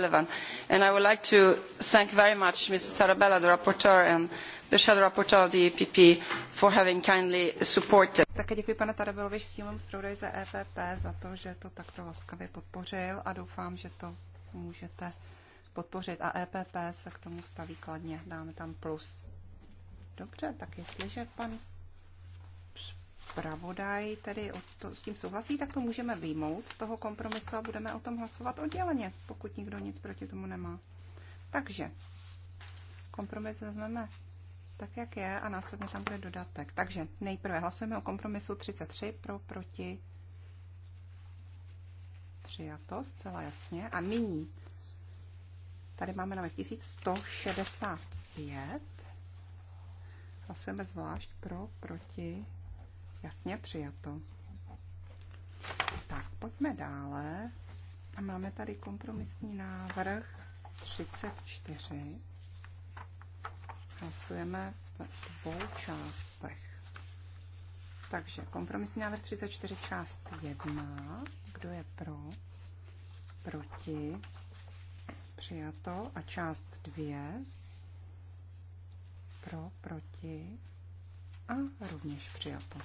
And I would like to thank very much ms Tarabella, the rapporteur, and the shadow rapporteur of the EPP for having kindly supported. Také děkuji pane Tarabelovi stílům zpravodaj za EPP za to, že to takto laskavě podpořil a doufám, že to můžete podpořit. A EPP se k tomu staví kladně, dáme tam plus. Dobře, tak jestliže pan zpravodaj tedy to, s tím souhlasí, tak to můžeme vyjmout z toho kompromisu a budeme o tom hlasovat odděleně, pokud nikdo nic proti tomu nemá. Takže kompromis vezmeme tak, jak je a následně tam bude dodatek. Takže nejprve hlasujeme o kompromisu 33 pro proti přijato, zcela jasně. A nyní tady máme na 1165. Hlasujeme zvlášť pro, proti, Jasně přijato. Tak, pojďme dále. A máme tady kompromisní návrh 34. Hlasujeme v dvou částech. Takže kompromisní návrh 34 část 1. Kdo je pro? Proti? Přijato. A část 2. Pro, proti? A rovněž přijato.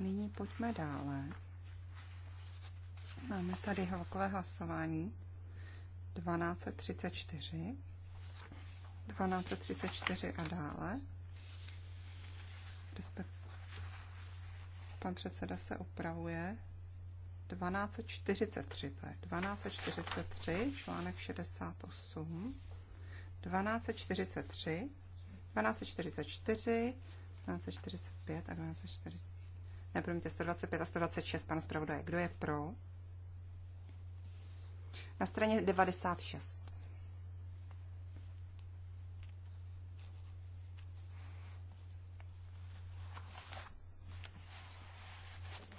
Nyní pojďme dále. Máme tady hlokové hlasování 1234. 1234 a dále. Respekt. Pan předseda se upravuje. 1243, to je 1243, článek 68. 1243, 1244, 1245 a 1240 ne, promiňte, 125 a 126, pan zpravodaj. Kdo je pro? Na straně 96.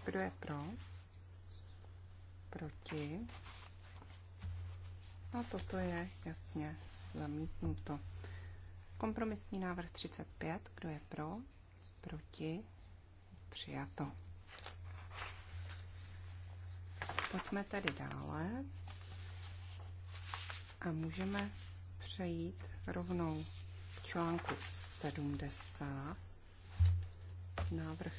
Kdo je pro? Proti? A toto je jasně zamítnuto. Kompromisní návrh 35. Kdo je pro? Proti? Přijato. Pojďme tedy dále a můžeme přejít rovnou k článku 70. Návrh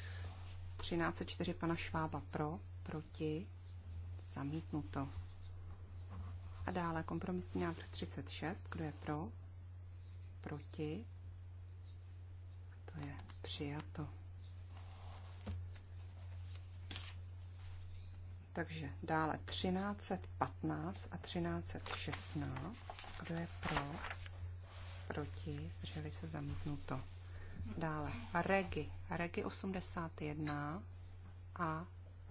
13.4 pana Švába pro, proti, zamítnuto. A dále kompromisní návrh 36, kdo je pro, proti, to je přijato. Takže dále 1315 a 1316. Kdo je pro? Proti? Zdrželi se zamítnuto. Dále Regi. Regi 81 a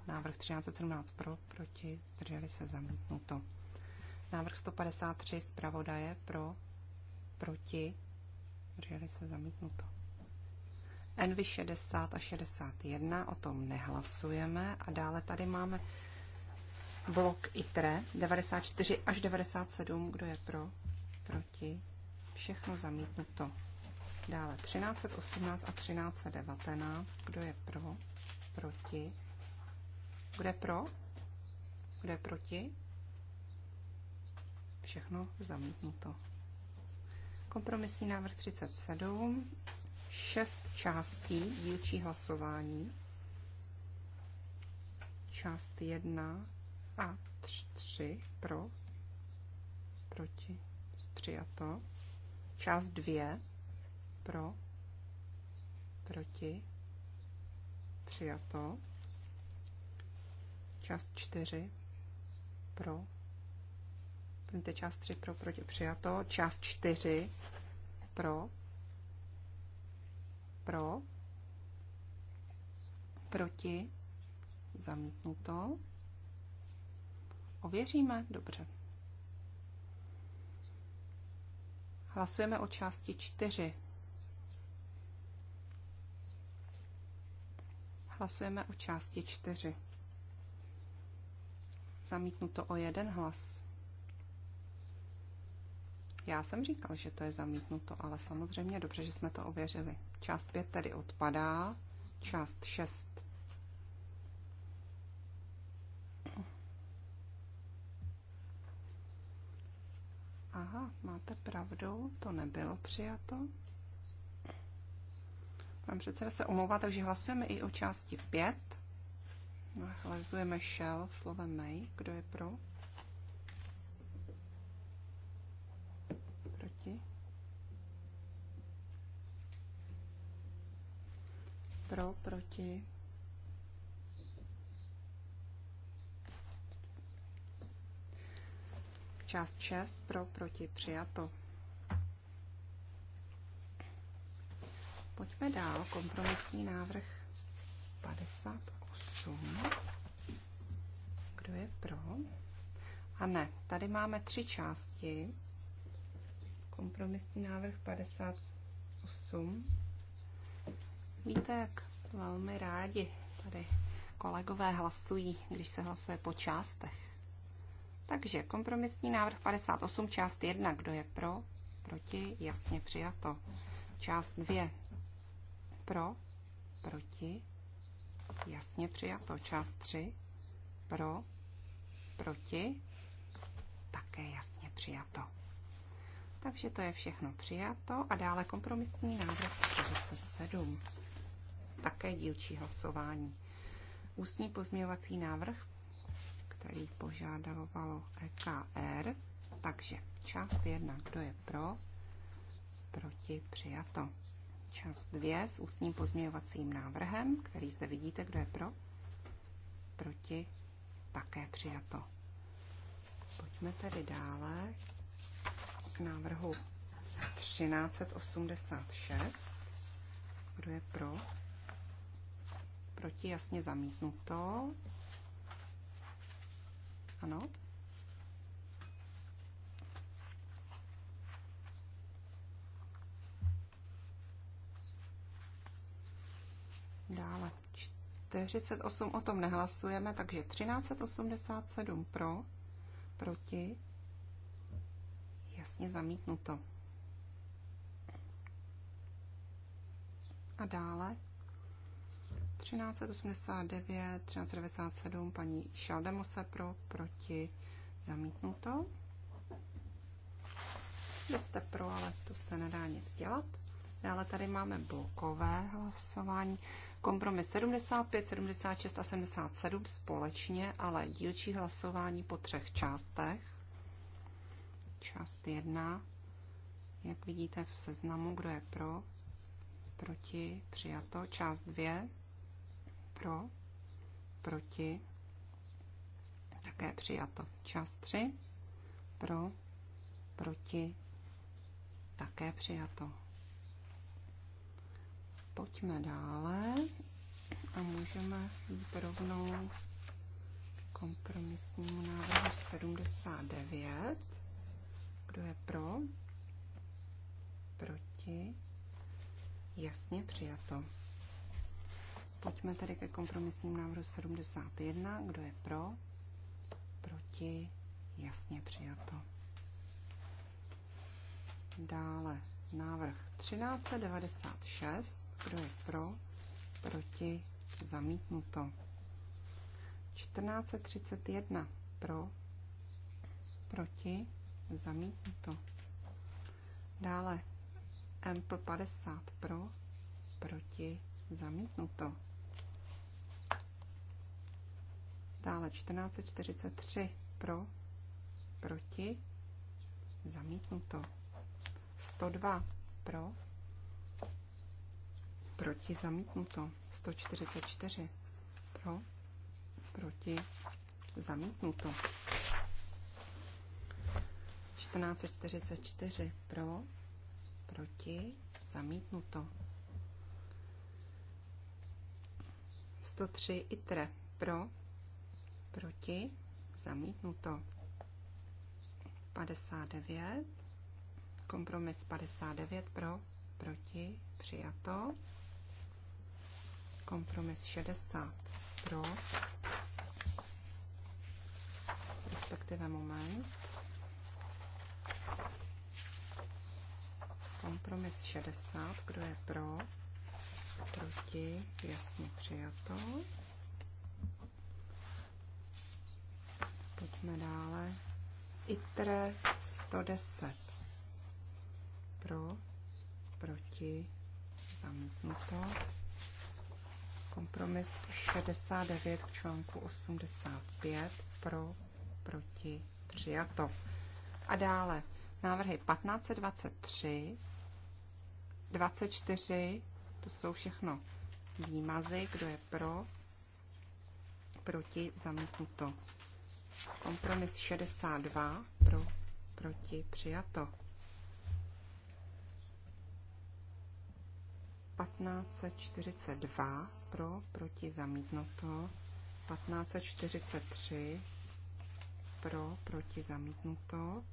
návrh 1317 pro, proti, zdrželi se zamítnuto. Návrh 153 zpravodaje pro, proti, zdrželi se zamítnuto. Envy 60 a 61, o tom nehlasujeme. A dále tady máme blok ITRE 94 až 97, kdo je pro, proti, všechno zamítnuto. Dále 1318 a 1319, kdo je pro, proti, kdo je pro, kdo je proti, všechno zamítnuto. Kompromisní návrh 37, šest částí dílčí hlasování. Část 1, a 3 pro, proti, přijato. Část 2 pro, proti, přijato. Část 4 pro, Promiňte, část 3 pro, proti, přijato. Část 4 pro, pro, proti, zamítnuto. Ověříme? Dobře. Hlasujeme o části 4. Hlasujeme o části 4. Zamítnuto o jeden hlas. Já jsem říkal, že to je zamítnuto, ale samozřejmě dobře, že jsme to ověřili. Část 5 tedy odpadá, část 6 Aha, máte pravdu, to nebylo přijato. Pan předseda se omlouvá, takže hlasujeme i o části 5. Hlasujeme shell slovem may. Kdo je pro? Proti? Pro, proti, Část 6 pro, proti, přijato. Pojďme dál. Kompromisní návrh 58. Kdo je pro? A ne, tady máme tři části. Kompromisní návrh 58. Víte, jak velmi rádi tady kolegové hlasují, když se hlasuje po částech. Takže kompromisní návrh 58, část 1, kdo je pro, proti, jasně přijato. Část 2, pro, proti, jasně přijato. Část 3, pro, proti, také jasně přijato. Takže to je všechno přijato a dále kompromisní návrh 47. Také dílčí hlasování. Ústní pozměňovací návrh který požádalovalo EKR. Takže část 1, kdo je pro, proti, přijato. Část 2 s ústním pozměňovacím návrhem, který zde vidíte, kdo je pro, proti, také přijato. Pojďme tedy dále k návrhu 1386. Kdo je pro? Proti jasně zamítnuto. Ano. Dále 48 o tom nehlasujeme, takže 1387 pro, proti, jasně zamítnuto. A dále 1389, 1397 paní Šaldemose pro, proti zamítnuto. Vy jste pro, ale to se nedá nic dělat. Dále tady máme blokové hlasování. Kompromis 75, 76 a 77 společně, ale dílčí hlasování po třech částech. Část 1, jak vidíte v seznamu, kdo je pro, proti, přijato. Část 2, pro, proti, také přijato. Čas 3 pro, proti, také přijato. Pojďme dále a můžeme jít rovnou kompromisnímu návrhu 79. Kdo je pro? Proti? Jasně přijato. Pojďme tedy ke kompromisním návrhu 71. Kdo je pro? Proti? Jasně přijato. Dále návrh 1396. Kdo je pro? Proti? Zamítnuto. 1431. Pro? Proti? Zamítnuto. Dále Ample 50 pro, proti, zamítnuto. Dále 1443 pro, proti, zamítnuto. 102 pro, proti, zamítnuto. 144 pro, proti, zamítnuto. 1444 pro, proti, zamítnuto. 103 itre pro, proti, zamítnuto. 59, kompromis 59 pro, proti, přijato. Kompromis 60 pro, respektive moment. Kompromis 60, kdo je pro, proti, jasně přijato. Pojďme dále. ITRE 110. Pro, proti, zamítnuto. Kompromis 69 k článku 85. Pro, proti, přijato. A dále návrhy 1523, 24, to jsou všechno výmazy, kdo je pro, proti, zamítnuto. Kompromis 62 pro, proti přijato. 1542 pro, proti zamítnuto. 1543 pro, proti zamítnuto.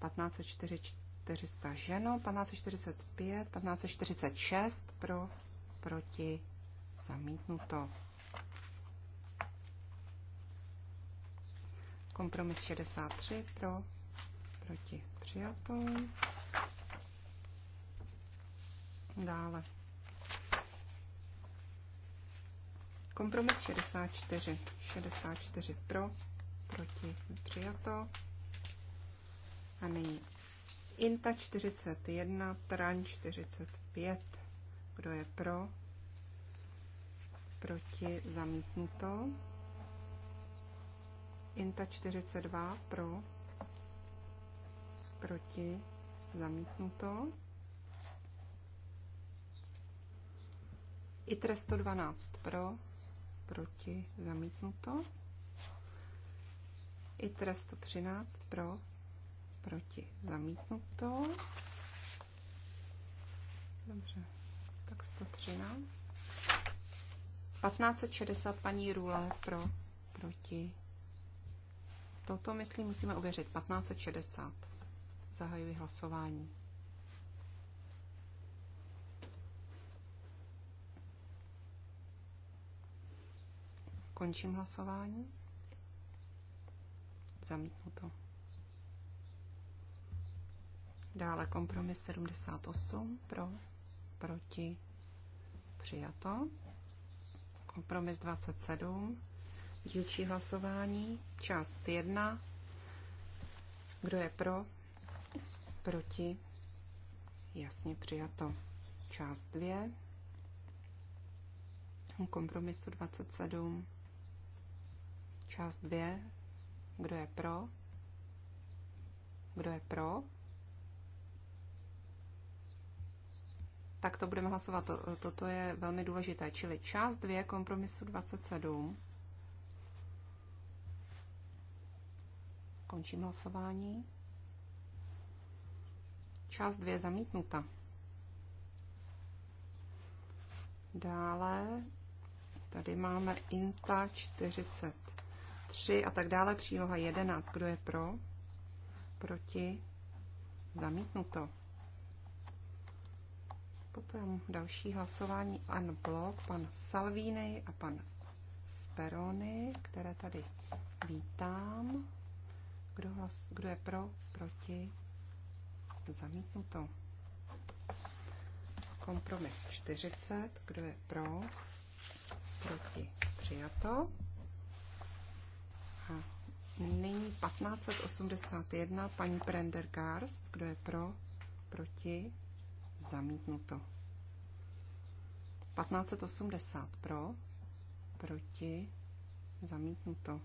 1544 ženo, 1545, 1546 pro, proti zamítnuto. Kompromis 63 pro, proti přijato. Dále. Kompromis 64. 64 pro, proti přijato. A nyní INTA 41, TRAN 45. Kdo je pro? Proti zamítnuto. Inta 42 pro, proti, zamítnuto. ITRE 112 pro, proti, zamítnuto. ITRE 113 pro, proti, zamítnuto. Dobře, tak 113. 1560 paní Rule pro, proti, Toto, myslím, musíme ověřit. 1560. Zahajuji hlasování. Končím hlasování. Zamítnuto. Dále kompromis 78 pro, proti, přijato. Kompromis 27 dílčí hlasování, část 1. Kdo je pro? Proti? Jasně přijato. Část 2. Kompromisu 27. Část 2. Kdo je pro? Kdo je pro? Tak to budeme hlasovat. Toto je velmi důležité. Čili část 2 kompromisu 27. Končím hlasování. Část dvě zamítnuta. Dále tady máme INTA 43 a tak dále. Příloha 11. Kdo je pro? Proti? Zamítnuto. Potom další hlasování Blok, pan Salvini a pan Sperony, které tady vítám. Kdo, hlas, kdo je pro? Proti? Zamítnuto. Kompromis 40. Kdo je pro? Proti? Přijato. A nyní 1581. Paní Prendergast. Kdo je pro? Proti? Zamítnuto. 1580 pro, proti, zamítnuto.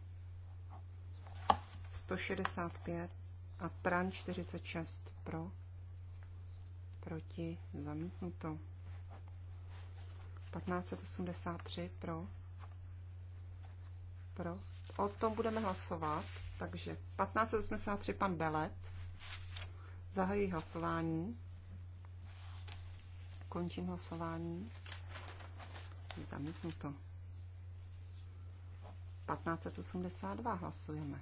165 a Tran 46 pro, proti, zamítnuto. 1583 pro, pro. O tom budeme hlasovat, takže 1583 pan Belet. zahají hlasování. Končím hlasování. Zamítnuto. 1582 hlasujeme.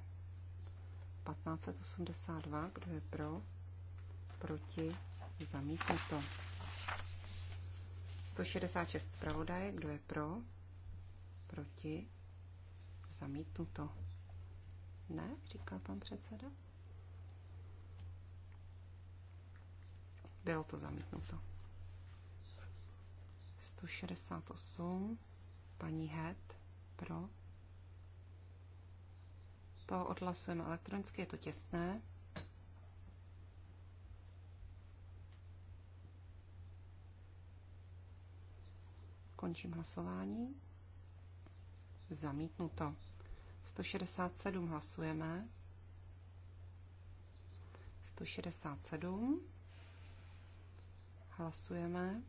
1582, kdo je pro, proti, zamítnuto. 166 zpravodaje, kdo je pro, proti, zamítnuto. Ne, říká pan předseda. Bylo to zamítnuto. 168, paní Het, pro, to odhlasujeme elektronicky, je to těsné. Končím hlasování. Zamítnuto. 167 hlasujeme. 167. Hlasujeme.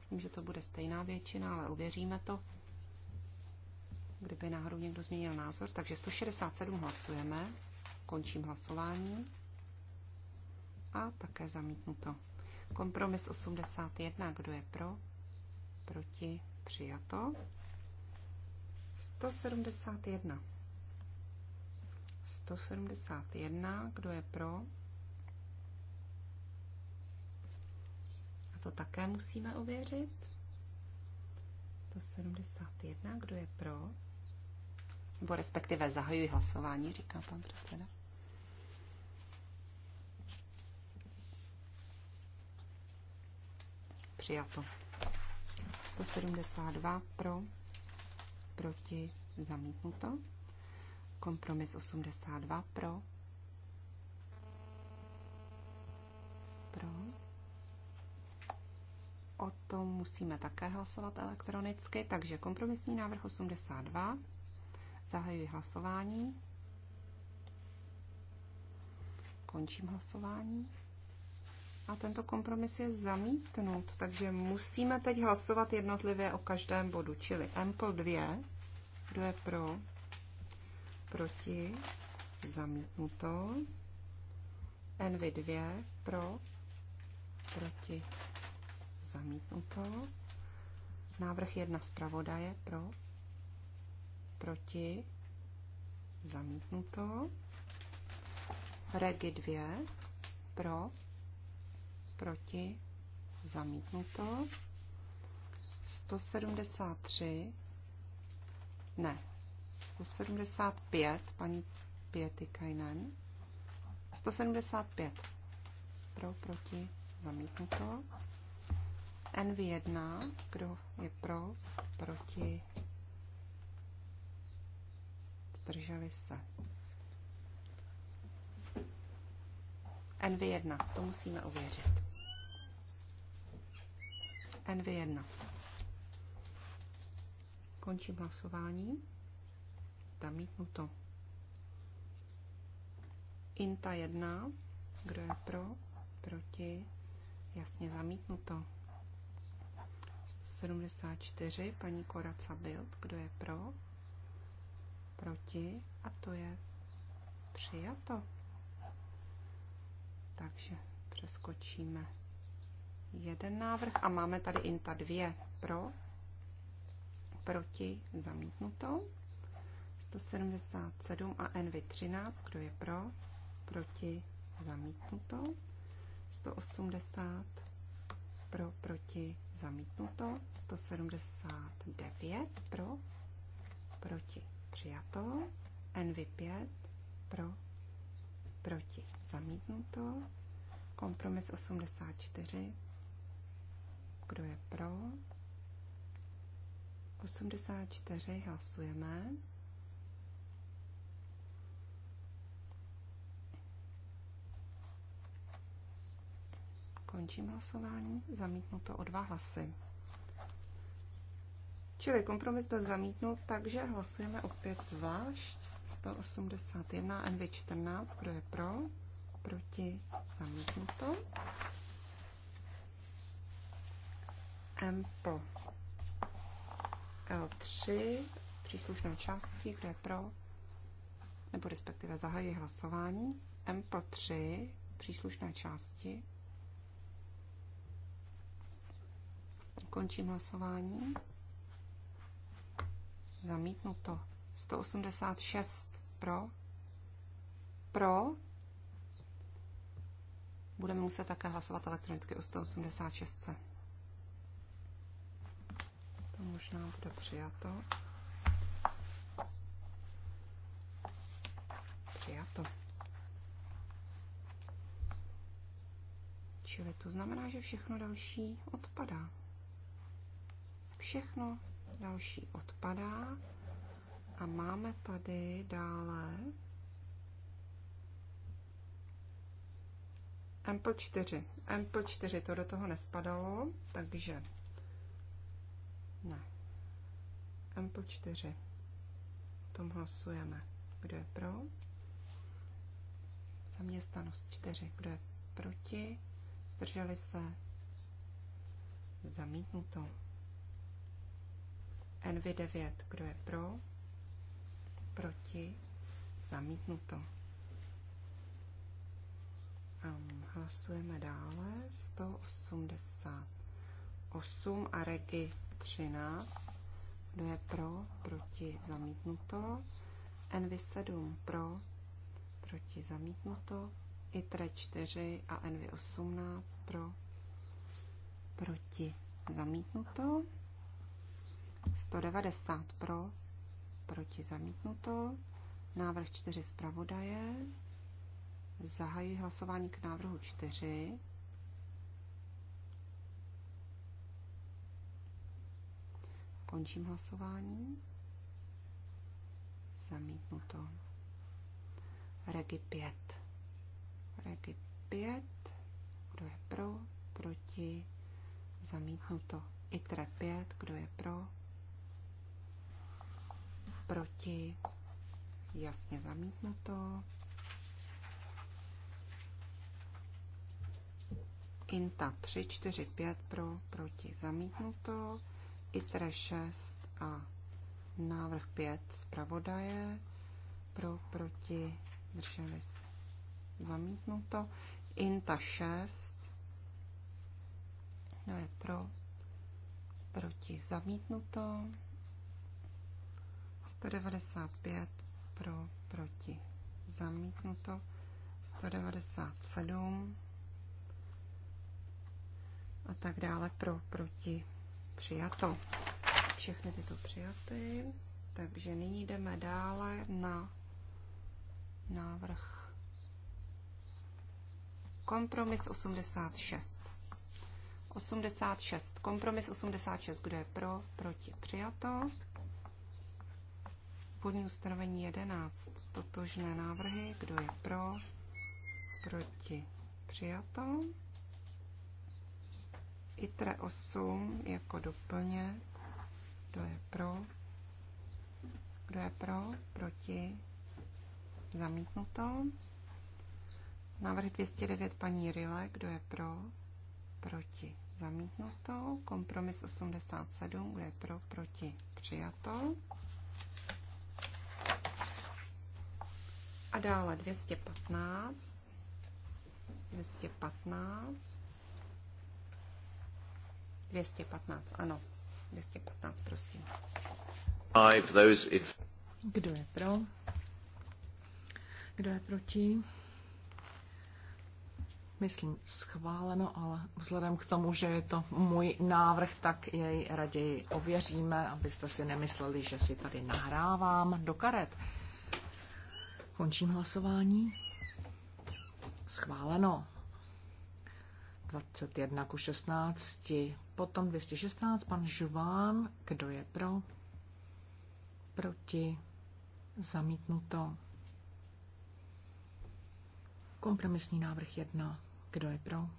Myslím, že to bude stejná většina, ale uvěříme to kdyby náhodou někdo změnil názor. Takže 167 hlasujeme, končím hlasování a také zamítnuto. Kompromis 81, kdo je pro, proti, přijato. 171. 171, kdo je pro? A to také musíme ověřit. 171, kdo je pro? nebo respektive zahajuji hlasování, říká pan předseda. Přijato. 172 pro, proti, zamítnuto. Kompromis 82 pro, pro. O tom musíme také hlasovat elektronicky, takže kompromisní návrh 82 Zahajuji hlasování. Končím hlasování. A tento kompromis je zamítnut, takže musíme teď hlasovat jednotlivě o každém bodu, čili Ample 2, kdo je pro, proti, zamítnuto, Envy 2, pro, proti, zamítnuto, návrh 1 zpravodaje, pro, proti, zamítnuto. Regi 2, pro, proti, zamítnuto. 173, ne, 175, paní Pěty Kajnen. 175, pro, proti, zamítnuto. NV1, kdo je pro, proti, zdrželi se. Envy 1 to musíme uvěřit. Envy 1 Končím hlasování. Zamítnuto. INTA 1, kdo je pro, proti, jasně zamítnuto. 174, paní Koraca Bild, kdo je pro, proti a to je přijato. Takže přeskočíme jeden návrh a máme tady INTA dvě pro, proti zamítnuto. 177 a NV13, kdo je pro, proti zamítnuto. 180 pro, proti zamítnuto. 179 pro, proti Přijato. NV5 pro, proti. Zamítnuto. Kompromis 84. Kdo je pro? 84 hlasujeme. Končím hlasování. Zamítnuto o dva hlasy. Čili kompromis byl zamítnut, takže hlasujeme opět zvlášť. 181 NV14, kdo je pro? Proti zamítnuto. MPO L3, příslušné části, kdo je pro, nebo respektive zahají hlasování. MPO 3, příslušné části. Končím hlasování. Zamítnuto. 186 pro. Pro. Budeme muset také hlasovat elektronicky o 186. To možná bude přijato. Přijato. Čili to znamená, že všechno další odpadá. Všechno Další odpadá. A máme tady dále MP4. MP4 to do toho nespadalo, takže ne. MP4. O tom hlasujeme. Kdo je pro? Zaměstnanost 4. Kdo je proti? Zdrželi se? Zamítnuto nv 9. Kdo je pro? Proti? Zamítnuto. Um, hlasujeme dále. 188 a regi 13. Kdo je pro? Proti? Zamítnuto. nv 7. Pro? Proti? Zamítnuto. ITRE 4 a NV 18. Pro? Proti? Zamítnuto. 190 pro, proti zamítnuto. Návrh 4 zpravodaje. Zahajuji hlasování k návrhu 4. Končím hlasování. Zamítnuto. Regi 5. Regi 5. Kdo je pro? Proti? Zamítnuto. ITRE 5. Kdo je pro? proti, jasně zamítnuto. Inta 3, 4, 5 pro, proti, zamítnuto. ITRE 6 a návrh 5 zpravodaje pro, proti, drželi se, zamítnuto. INTA 6, kdo je pro, proti, zamítnuto. 195 pro, proti, zamítnuto, 197 a tak dále pro, proti, přijato. Všechny tyto přijaty. Takže nyní jdeme dále na návrh kompromis 86. 86. Kompromis 86. Kdo je pro? Proti. Přijato. Původní ustanovení 11. Totožné návrhy. Kdo je pro? Proti? Přijato. ITRE 8 jako doplněk. Kdo je pro? Kdo je pro? Proti? Zamítnuto. Návrh 209 paní Rile. Kdo je pro? Proti? Zamítnuto. Kompromis 87. Kdo je pro? Proti? Přijato. A dále 215. 215. 215, ano. 215, prosím. Kdo je pro? Kdo je proti? Myslím, schváleno, ale vzhledem k tomu, že je to můj návrh, tak jej raději ověříme, abyste si nemysleli, že si tady nahrávám do karet. Končím hlasování. Schváleno. 21 ku 16. Potom 216, pan Žuván. Kdo je pro? Proti? Zamítnuto. Kompromisní návrh 1. Kdo je pro?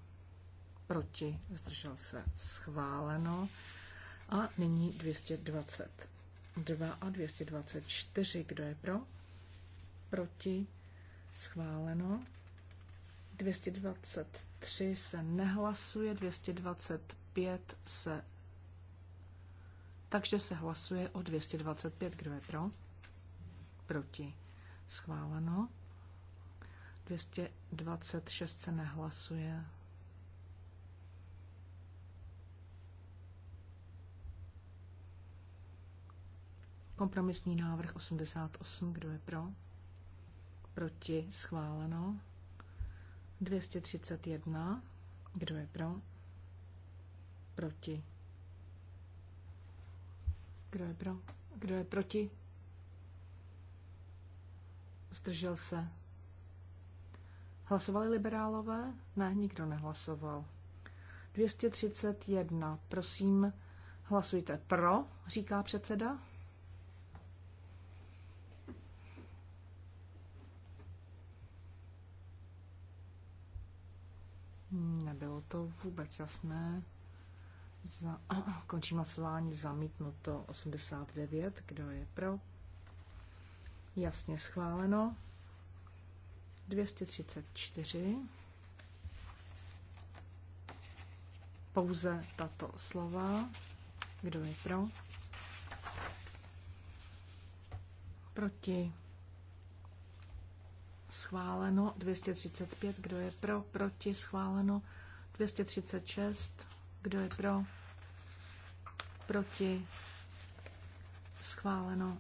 Proti? Zdržel se. Schváleno. A nyní 222 a 224. Kdo je pro? proti, schváleno. 223 se nehlasuje, 225 se. Takže se hlasuje o 225, kdo je pro, proti, schváleno. 226 se nehlasuje, Kompromisní návrh 88, kdo je pro? proti, schváleno. 231, kdo je pro, proti, kdo je pro, kdo je proti, zdržel se. Hlasovali liberálové? Ne, nikdo nehlasoval. 231. Prosím, hlasujte pro, říká předseda. Nebylo to vůbec jasné. Za, končím hlasování zamítnuto 89. Kdo je pro? Jasně schváleno. 234. Pouze tato slova. Kdo je pro? Proti schváleno 235, kdo je pro, proti, schváleno 236, kdo je pro, proti, schváleno.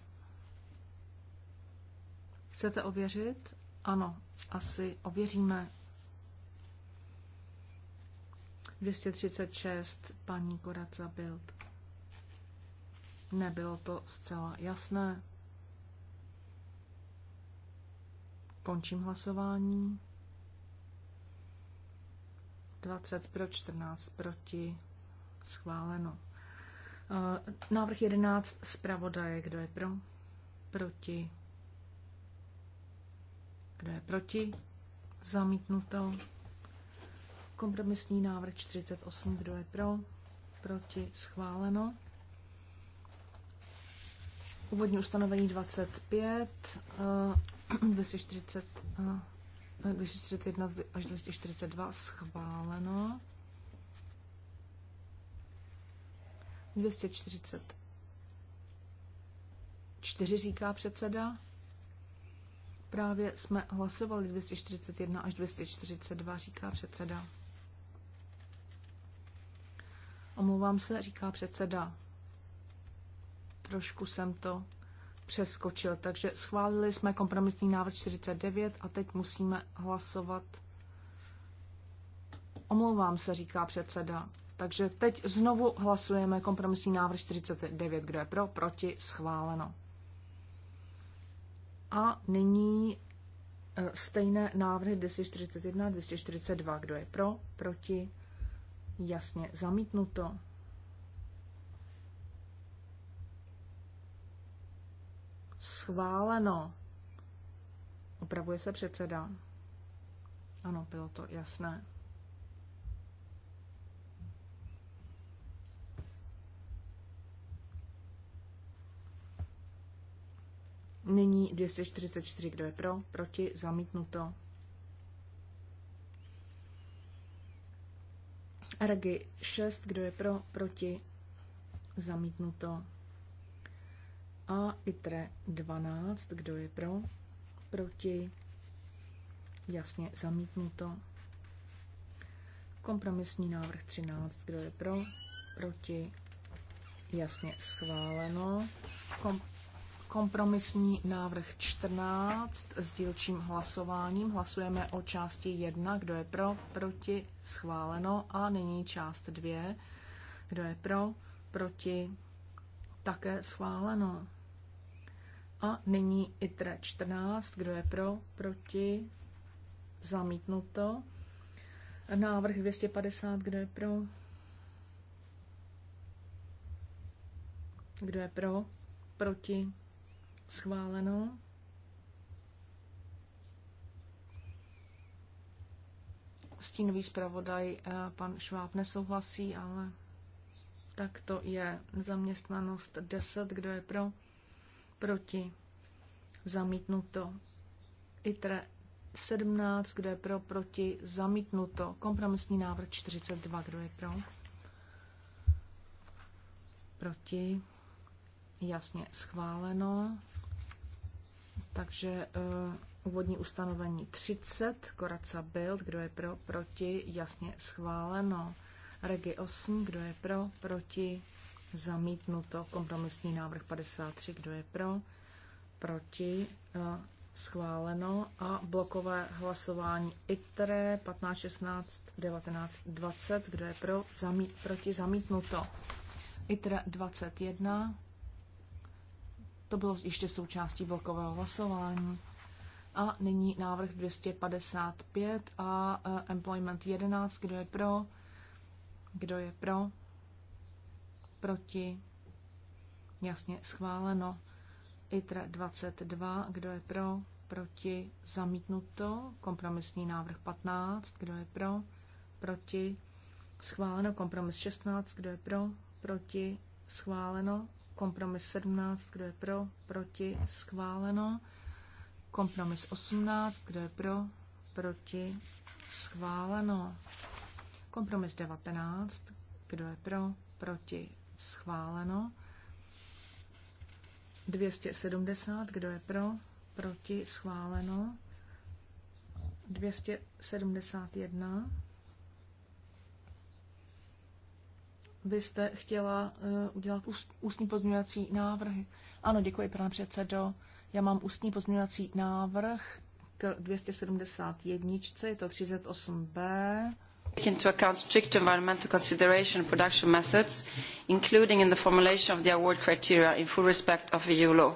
Chcete ověřit? Ano, asi ověříme. 236, paní Koraca Bild. Nebylo to zcela jasné. Končím hlasování. 20 pro, 14 proti. Schváleno. Eh, návrh 11 Spravodaje. Kdo je pro? Proti. Kdo je proti? Zamítnuto. Kompromisní návrh 48. Kdo je pro? Proti. Schváleno. Úvodní ustanovení 25. 240, 241 eh, až 242 schváleno. 244 říká předseda. Právě jsme hlasovali 241 až 242, říká předseda. Omlouvám se, říká předseda. Trošku jsem to přeskočil. Takže schválili jsme kompromisní návrh 49 a teď musíme hlasovat. Omlouvám se, říká předseda. Takže teď znovu hlasujeme kompromisní návrh 49, kdo je pro, proti, schváleno. A nyní e, stejné návrhy 241, 242, kdo je pro, proti, jasně zamítnuto. Schváleno. Opravuje se předseda. Ano, bylo to jasné. Nyní 244, kdo je pro, proti, zamítnuto. Regi 6, kdo je pro, proti, zamítnuto a ITRE 12. Kdo je pro? Proti? Jasně zamítnuto. Kompromisní návrh 13. Kdo je pro? Proti? Jasně schváleno. Kom- kompromisní návrh 14 s dílčím hlasováním. Hlasujeme o části 1. Kdo je pro? Proti? Schváleno. A nyní část 2. Kdo je pro? Proti? Také schváleno. A nyní ITRE 14. Kdo je pro? Proti? Zamítnuto. Návrh 250. Kdo je pro? Kdo je pro? Proti? Schváleno. Stínový zpravodaj eh, pan Šváb nesouhlasí, ale tak to je zaměstnanost 10. Kdo je pro? proti, zamítnuto. ITRE 17, kdo je pro, proti, zamítnuto. Kompromisní návrh 42, kdo je pro, proti, jasně schváleno. Takže uh, úvodní ustanovení 30, Koraca Build, kdo je pro, proti, jasně schváleno. Regi 8, kdo je pro, proti, zamítnuto. Kompromisní návrh 53, kdo je pro, proti, eh, schváleno. A blokové hlasování ITRE 15, 16, 19, 20, kdo je pro, zamít, proti, zamítnuto. ITRE 21, to bylo ještě součástí blokového hlasování. A nyní návrh 255 a eh, Employment 11, kdo je pro, kdo je pro, proti, jasně schváleno. ITRE 22, kdo je pro, proti, zamítnuto. Kompromisní návrh 15, kdo je pro, proti, schváleno. Kompromis 16, kdo je pro, proti, schváleno. Kompromis 17, kdo je pro, proti, schváleno. Kompromis 18, kdo je pro, proti, schváleno. Kompromis 19, kdo je pro, proti, schváleno. 270, kdo je pro, proti, schváleno. 271. Vy jste chtěla uh, udělat ústní pozměňovací návrhy. Ano, děkuji, pane předsedo. Já mám ústní pozměňovací návrh k 271, je to 38b. Take into account strict environmental consideration production methods, including in the formulation of the award criteria in full respect of EU law.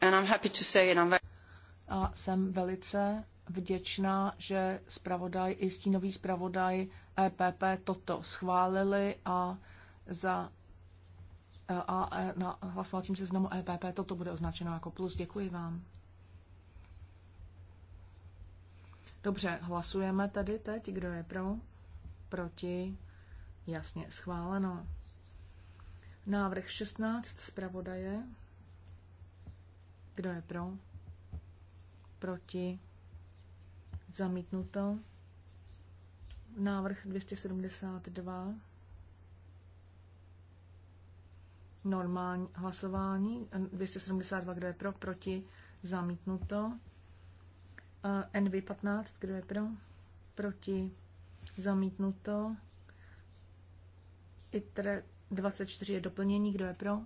And I'm happy to say, and I'm very... A jsem velice vděčná, že zpravodaj, i stínový zpravodaj EPP toto schválili a za a na hlasovacím seznamu EPP toto bude označeno jako plus. Děkuji vám. Dobře, hlasujeme tady teď, kdo je pro proti, jasně schváleno. Návrh 16 zpravodaje. Kdo je pro? Proti? Zamítnuto. Návrh 272. Normální hlasování. 272, kdo je pro? Proti? Zamítnuto. Eh, NV15, kdo je pro? Proti? zamítnuto. ITRE 24 je doplnění, kdo je pro,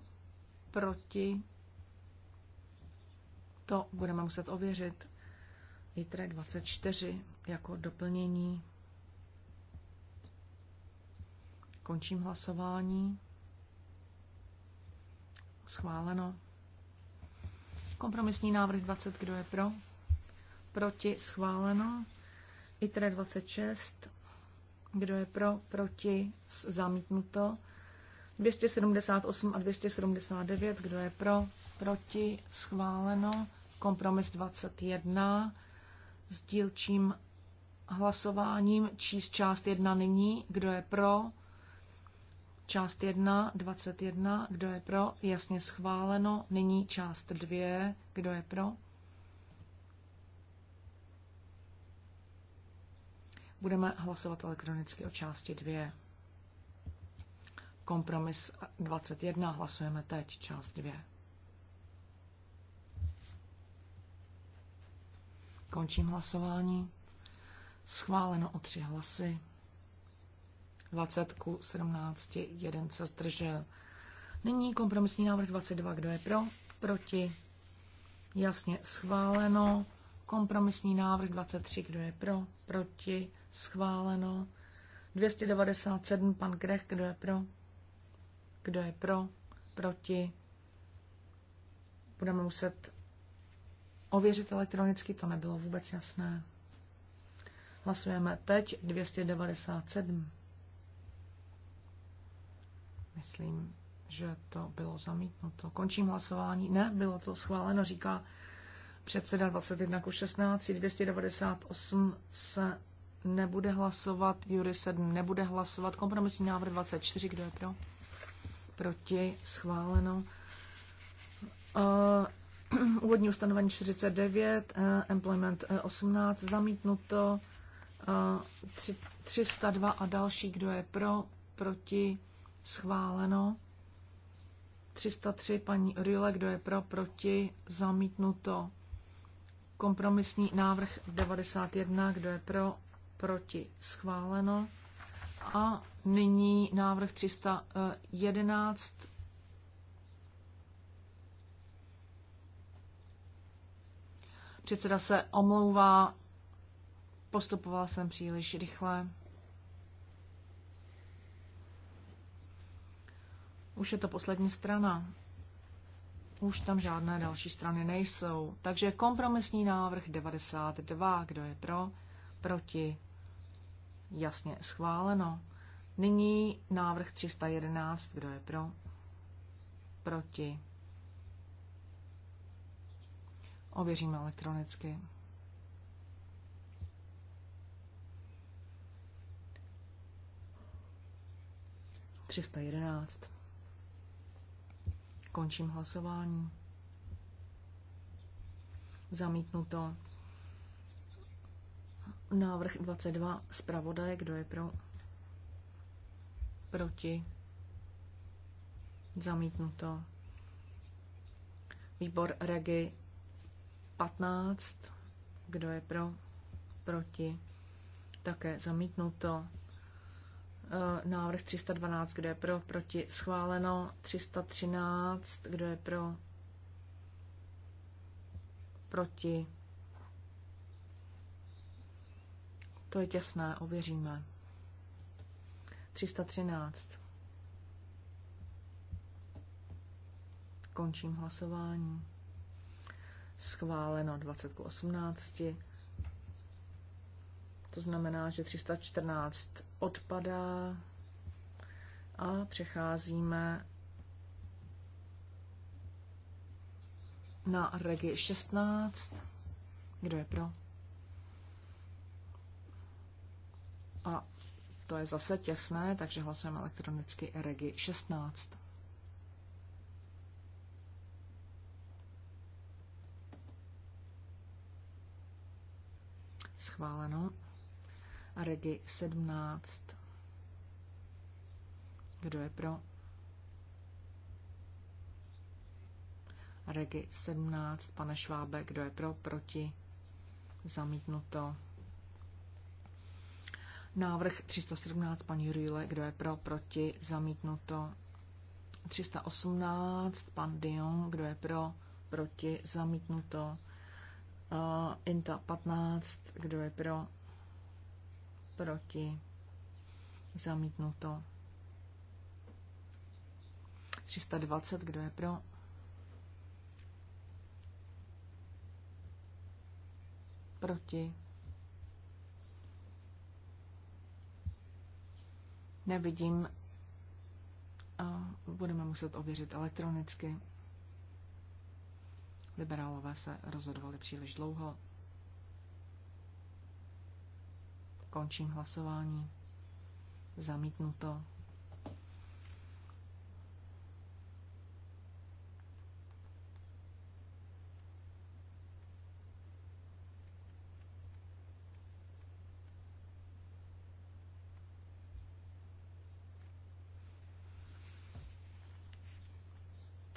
proti, to budeme muset ověřit. ITRE 24 jako doplnění. Končím hlasování. Schváleno. Kompromisní návrh 20, kdo je pro? Proti schváleno. ITRE 26 kdo je pro, proti, zamítnuto. 278 a 279, kdo je pro, proti, schváleno. Kompromis 21 s dílčím hlasováním číst část 1 nyní. Kdo je pro? Část 1, 21. Kdo je pro? Jasně schváleno. Nyní část 2. Kdo je pro? Budeme hlasovat elektronicky o části 2. Kompromis 21 hlasujeme teď, část 2. Končím hlasování. Schváleno o tři hlasy. 20 ku 17, jeden se zdržel. Nyní kompromisní návrh 22. Kdo je pro? Proti? Jasně schváleno. Kompromisní návrh 23. Kdo je pro? Proti? schváleno. 297, pan Grech, kdo je pro? Kdo je pro? Proti? Budeme muset ověřit elektronicky, to nebylo vůbec jasné. Hlasujeme teď 297. Myslím, že to bylo zamítnuto. Končím hlasování. Ne, bylo to schváleno, říká předseda 21 16. 298 se nebude hlasovat, Jury 7 nebude hlasovat, kompromisní návrh 24, kdo je pro? Proti, schváleno. Uh, úvodní ustanovení 49, uh, eh, employment 18, eh, zamítnuto. Uh, 302 a další, kdo je pro, proti, schváleno. 303, paní Ryle, kdo je pro, proti, zamítnuto. Kompromisní návrh 91, kdo je pro, proti schváleno. A nyní návrh 311 Předseda se omlouvá, postupoval jsem příliš rychle. Už je to poslední strana. Už tam žádné další strany nejsou. Takže kompromisní návrh 92. Kdo je pro? Proti? Jasně schváleno. Nyní návrh 311. Kdo je pro? Proti. Ověříme elektronicky. Třista jedenáct. Končím hlasování. Zamítnuto. Návrh 22. Zpravodaje, kdo je pro? Proti? Zamítnuto. Výbor Regi 15. Kdo je pro? Proti? Také zamítnuto. E, návrh 312, kdo je pro, proti, schváleno. 313, kdo je pro, proti, To je těsné, ověříme. 313. Končím hlasování. Schváleno 20 k 18. To znamená, že 314 odpadá a přecházíme na regi 16. Kdo je pro? A to je zase těsné, takže hlasujeme elektronicky Regi 16. Schváleno. A Regi 17. Kdo je pro? A Regi 17, pane Švábe, kdo je pro, proti, zamítnuto. Návrh 317, paní Rýle, kdo je pro, proti, zamítnuto. 318, pan Dion, kdo je pro, proti, zamítnuto. Uh, Inta 15, kdo je pro, proti, zamítnuto. 320, kdo je pro, proti, Nevidím. A budeme muset ověřit elektronicky. Liberálové se rozhodovali příliš dlouho. Končím hlasování. Zamítnuto.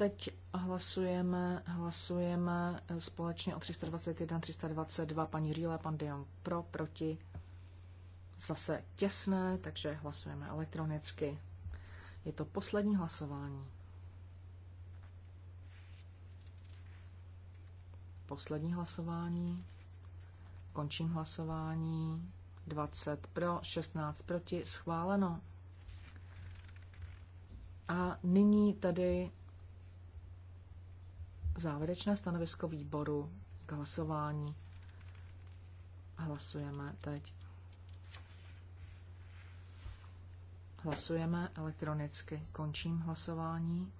teď hlasujeme, hlasujeme společně o 321, 322, paní Rýle, pan Dion pro, proti. Zase těsné, takže hlasujeme elektronicky. Je to poslední hlasování. Poslední hlasování. Končím hlasování. 20 pro, 16 proti, schváleno. A nyní tedy závěrečné stanovisko výboru k hlasování. Hlasujeme teď. Hlasujeme elektronicky. Končím hlasování.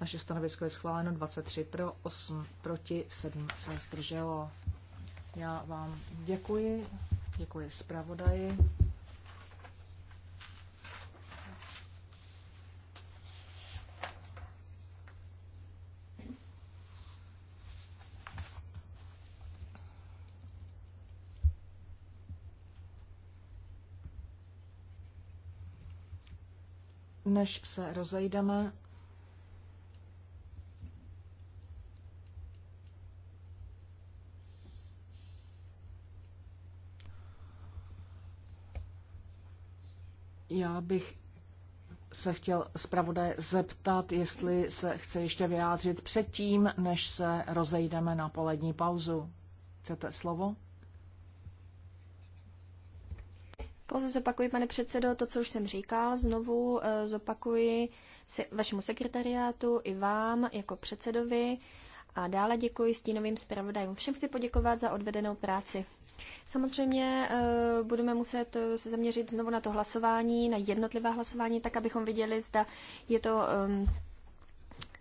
Naše stanovisko je schváleno 23 pro, 8 proti, 7 se zdrželo. Já vám děkuji, děkuji zpravodaji. než se rozejdeme, já bych se chtěl zpravodaj zeptat, jestli se chce ještě vyjádřit předtím, než se rozejdeme na polední pauzu. Chcete slovo? Pouze zopakuji, pane předsedo, to, co už jsem říkal, znovu eh, zopakuji se, vašemu sekretariátu i vám jako předsedovi a dále děkuji stínovým zpravodajům. Všem chci poděkovat za odvedenou práci. Samozřejmě eh, budeme muset eh, se zaměřit znovu na to hlasování, na jednotlivá hlasování, tak abychom viděli, zda je to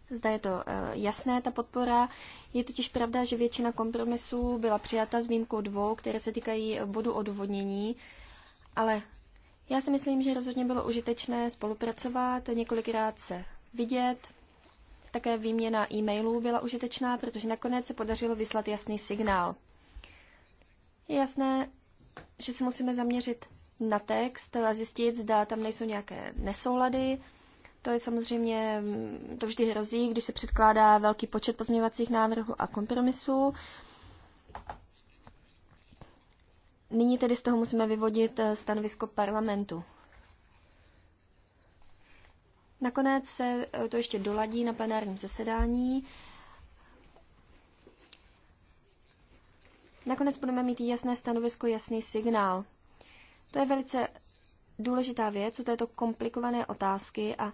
Zda je to jasné, ta podpora. Je totiž pravda, že většina kompromisů byla přijata s výjimkou dvou, které se týkají bodu odůvodnění. Ale já si myslím, že rozhodně bylo užitečné spolupracovat, několikrát se vidět. Také výměna e-mailů byla užitečná, protože nakonec se podařilo vyslat jasný signál. Je jasné, že se musíme zaměřit na text a zjistit, zda tam nejsou nějaké nesoulady. To je samozřejmě, to vždy hrozí, když se předkládá velký počet pozměňovacích návrhů a kompromisů. Nyní tedy z toho musíme vyvodit eh, stanovisko parlamentu. Nakonec se eh, to ještě doladí na plenárním zasedání. Nakonec budeme mít jasné stanovisko, jasný signál. To je velice důležitá věc u této komplikované otázky a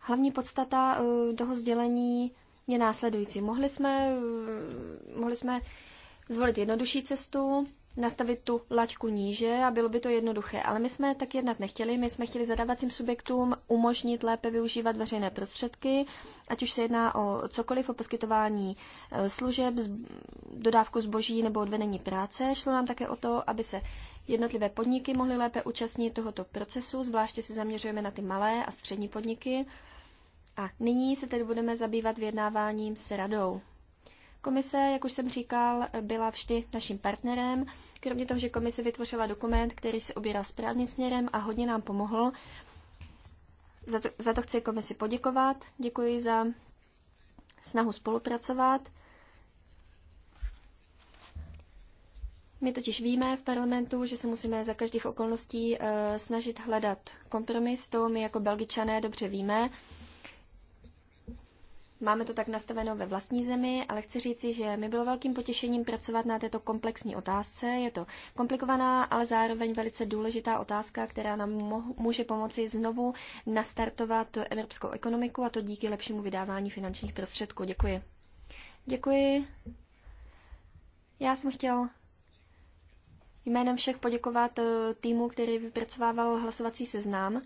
hlavní podstata eh, toho sdělení je následující. Mohli jsme, mohli jsme zvolit jednodušší cestu, nastavit tu laťku níže a bylo by to jednoduché. Ale my jsme tak jednat nechtěli, my jsme chtěli zadávacím subjektům umožnit lépe využívat veřejné prostředky, ať už se jedná o cokoliv, o poskytování eh, služeb, dodávku zboží nebo odvedení práce. Šlo nám také o to, aby se jednotlivé podniky mohly lépe účastnit tohoto procesu, zvláště se zaměřujeme na ty malé a střední podniky. A nyní se tedy budeme zabývat vyjednáváním s radou. Komise, jak už jsem říkal, byla vždy naším partnerem. Kromě toho, že komise vytvořila dokument, který se obírá správným směrem a hodně nám pomohl, za to, za to chci komisi poděkovat. Děkuji za snahu spolupracovat. My totiž víme v parlamentu, že se musíme za každých okolností e, snažit hledat kompromis, to my jako belgičané dobře víme. E, Máme to tak nastaveno ve vlastní zemi, ale chci říci, že mi bylo velkým potěšením pracovat na této komplexní otázce. Je to komplikovaná, ale zároveň velice důležitá otázka, která nám může pomoci znovu nastartovat evropskou ekonomiku a to díky lepšímu vydávání finančních prostředků. Děkuji. Děkuji. Já jsem chtěl jménem všech poděkovat eh, týmu, který vypracovával hlasovací seznam.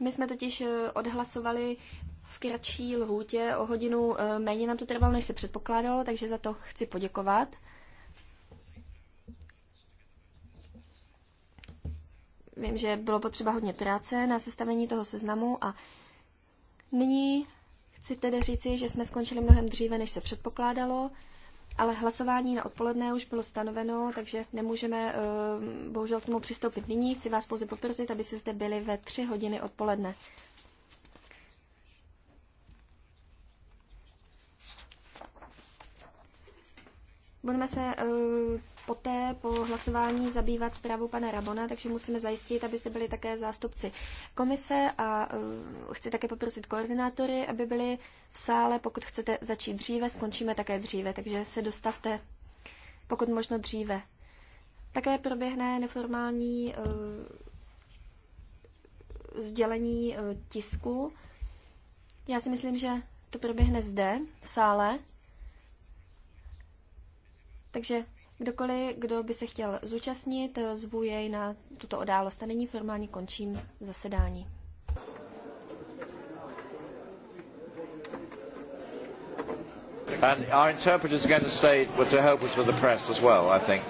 My jsme totiž eh, odhlasovali v kratší lhůtě, o hodinu eh, méně nám to trvalo, než se předpokládalo, takže za to chci poděkovat. Vím, že bylo potřeba hodně práce na sestavení toho seznamu a nyní chci tedy říci, že jsme skončili mnohem dříve, než se předpokládalo, ale hlasování na odpoledne už bylo stanoveno, takže nemůžeme eh, bohužel k tomu přistoupit nyní. Chci vás pouze poprosit, aby se zde byli ve tři hodiny odpoledne. Budeme se eh, poté po hlasování zabývat zprávou pana Rabona, takže musíme zajistit, abyste byli také zástupci komise a eh, chci také poprosit koordinátory, aby byli v sále. Pokud chcete začít dříve, skončíme také dříve, takže se dostavte pokud možno dříve. Také proběhne neformální eh, sdělení tisku. Já si myslím, že to proběhne zde, v sále. Takže kdokoliv, kdo by se chtěl zúčastnit, eh, zvu jej na tuto událost. A nyní formálně končím zasedání. And our interpreters are going to stay to help us with the press as well, I think.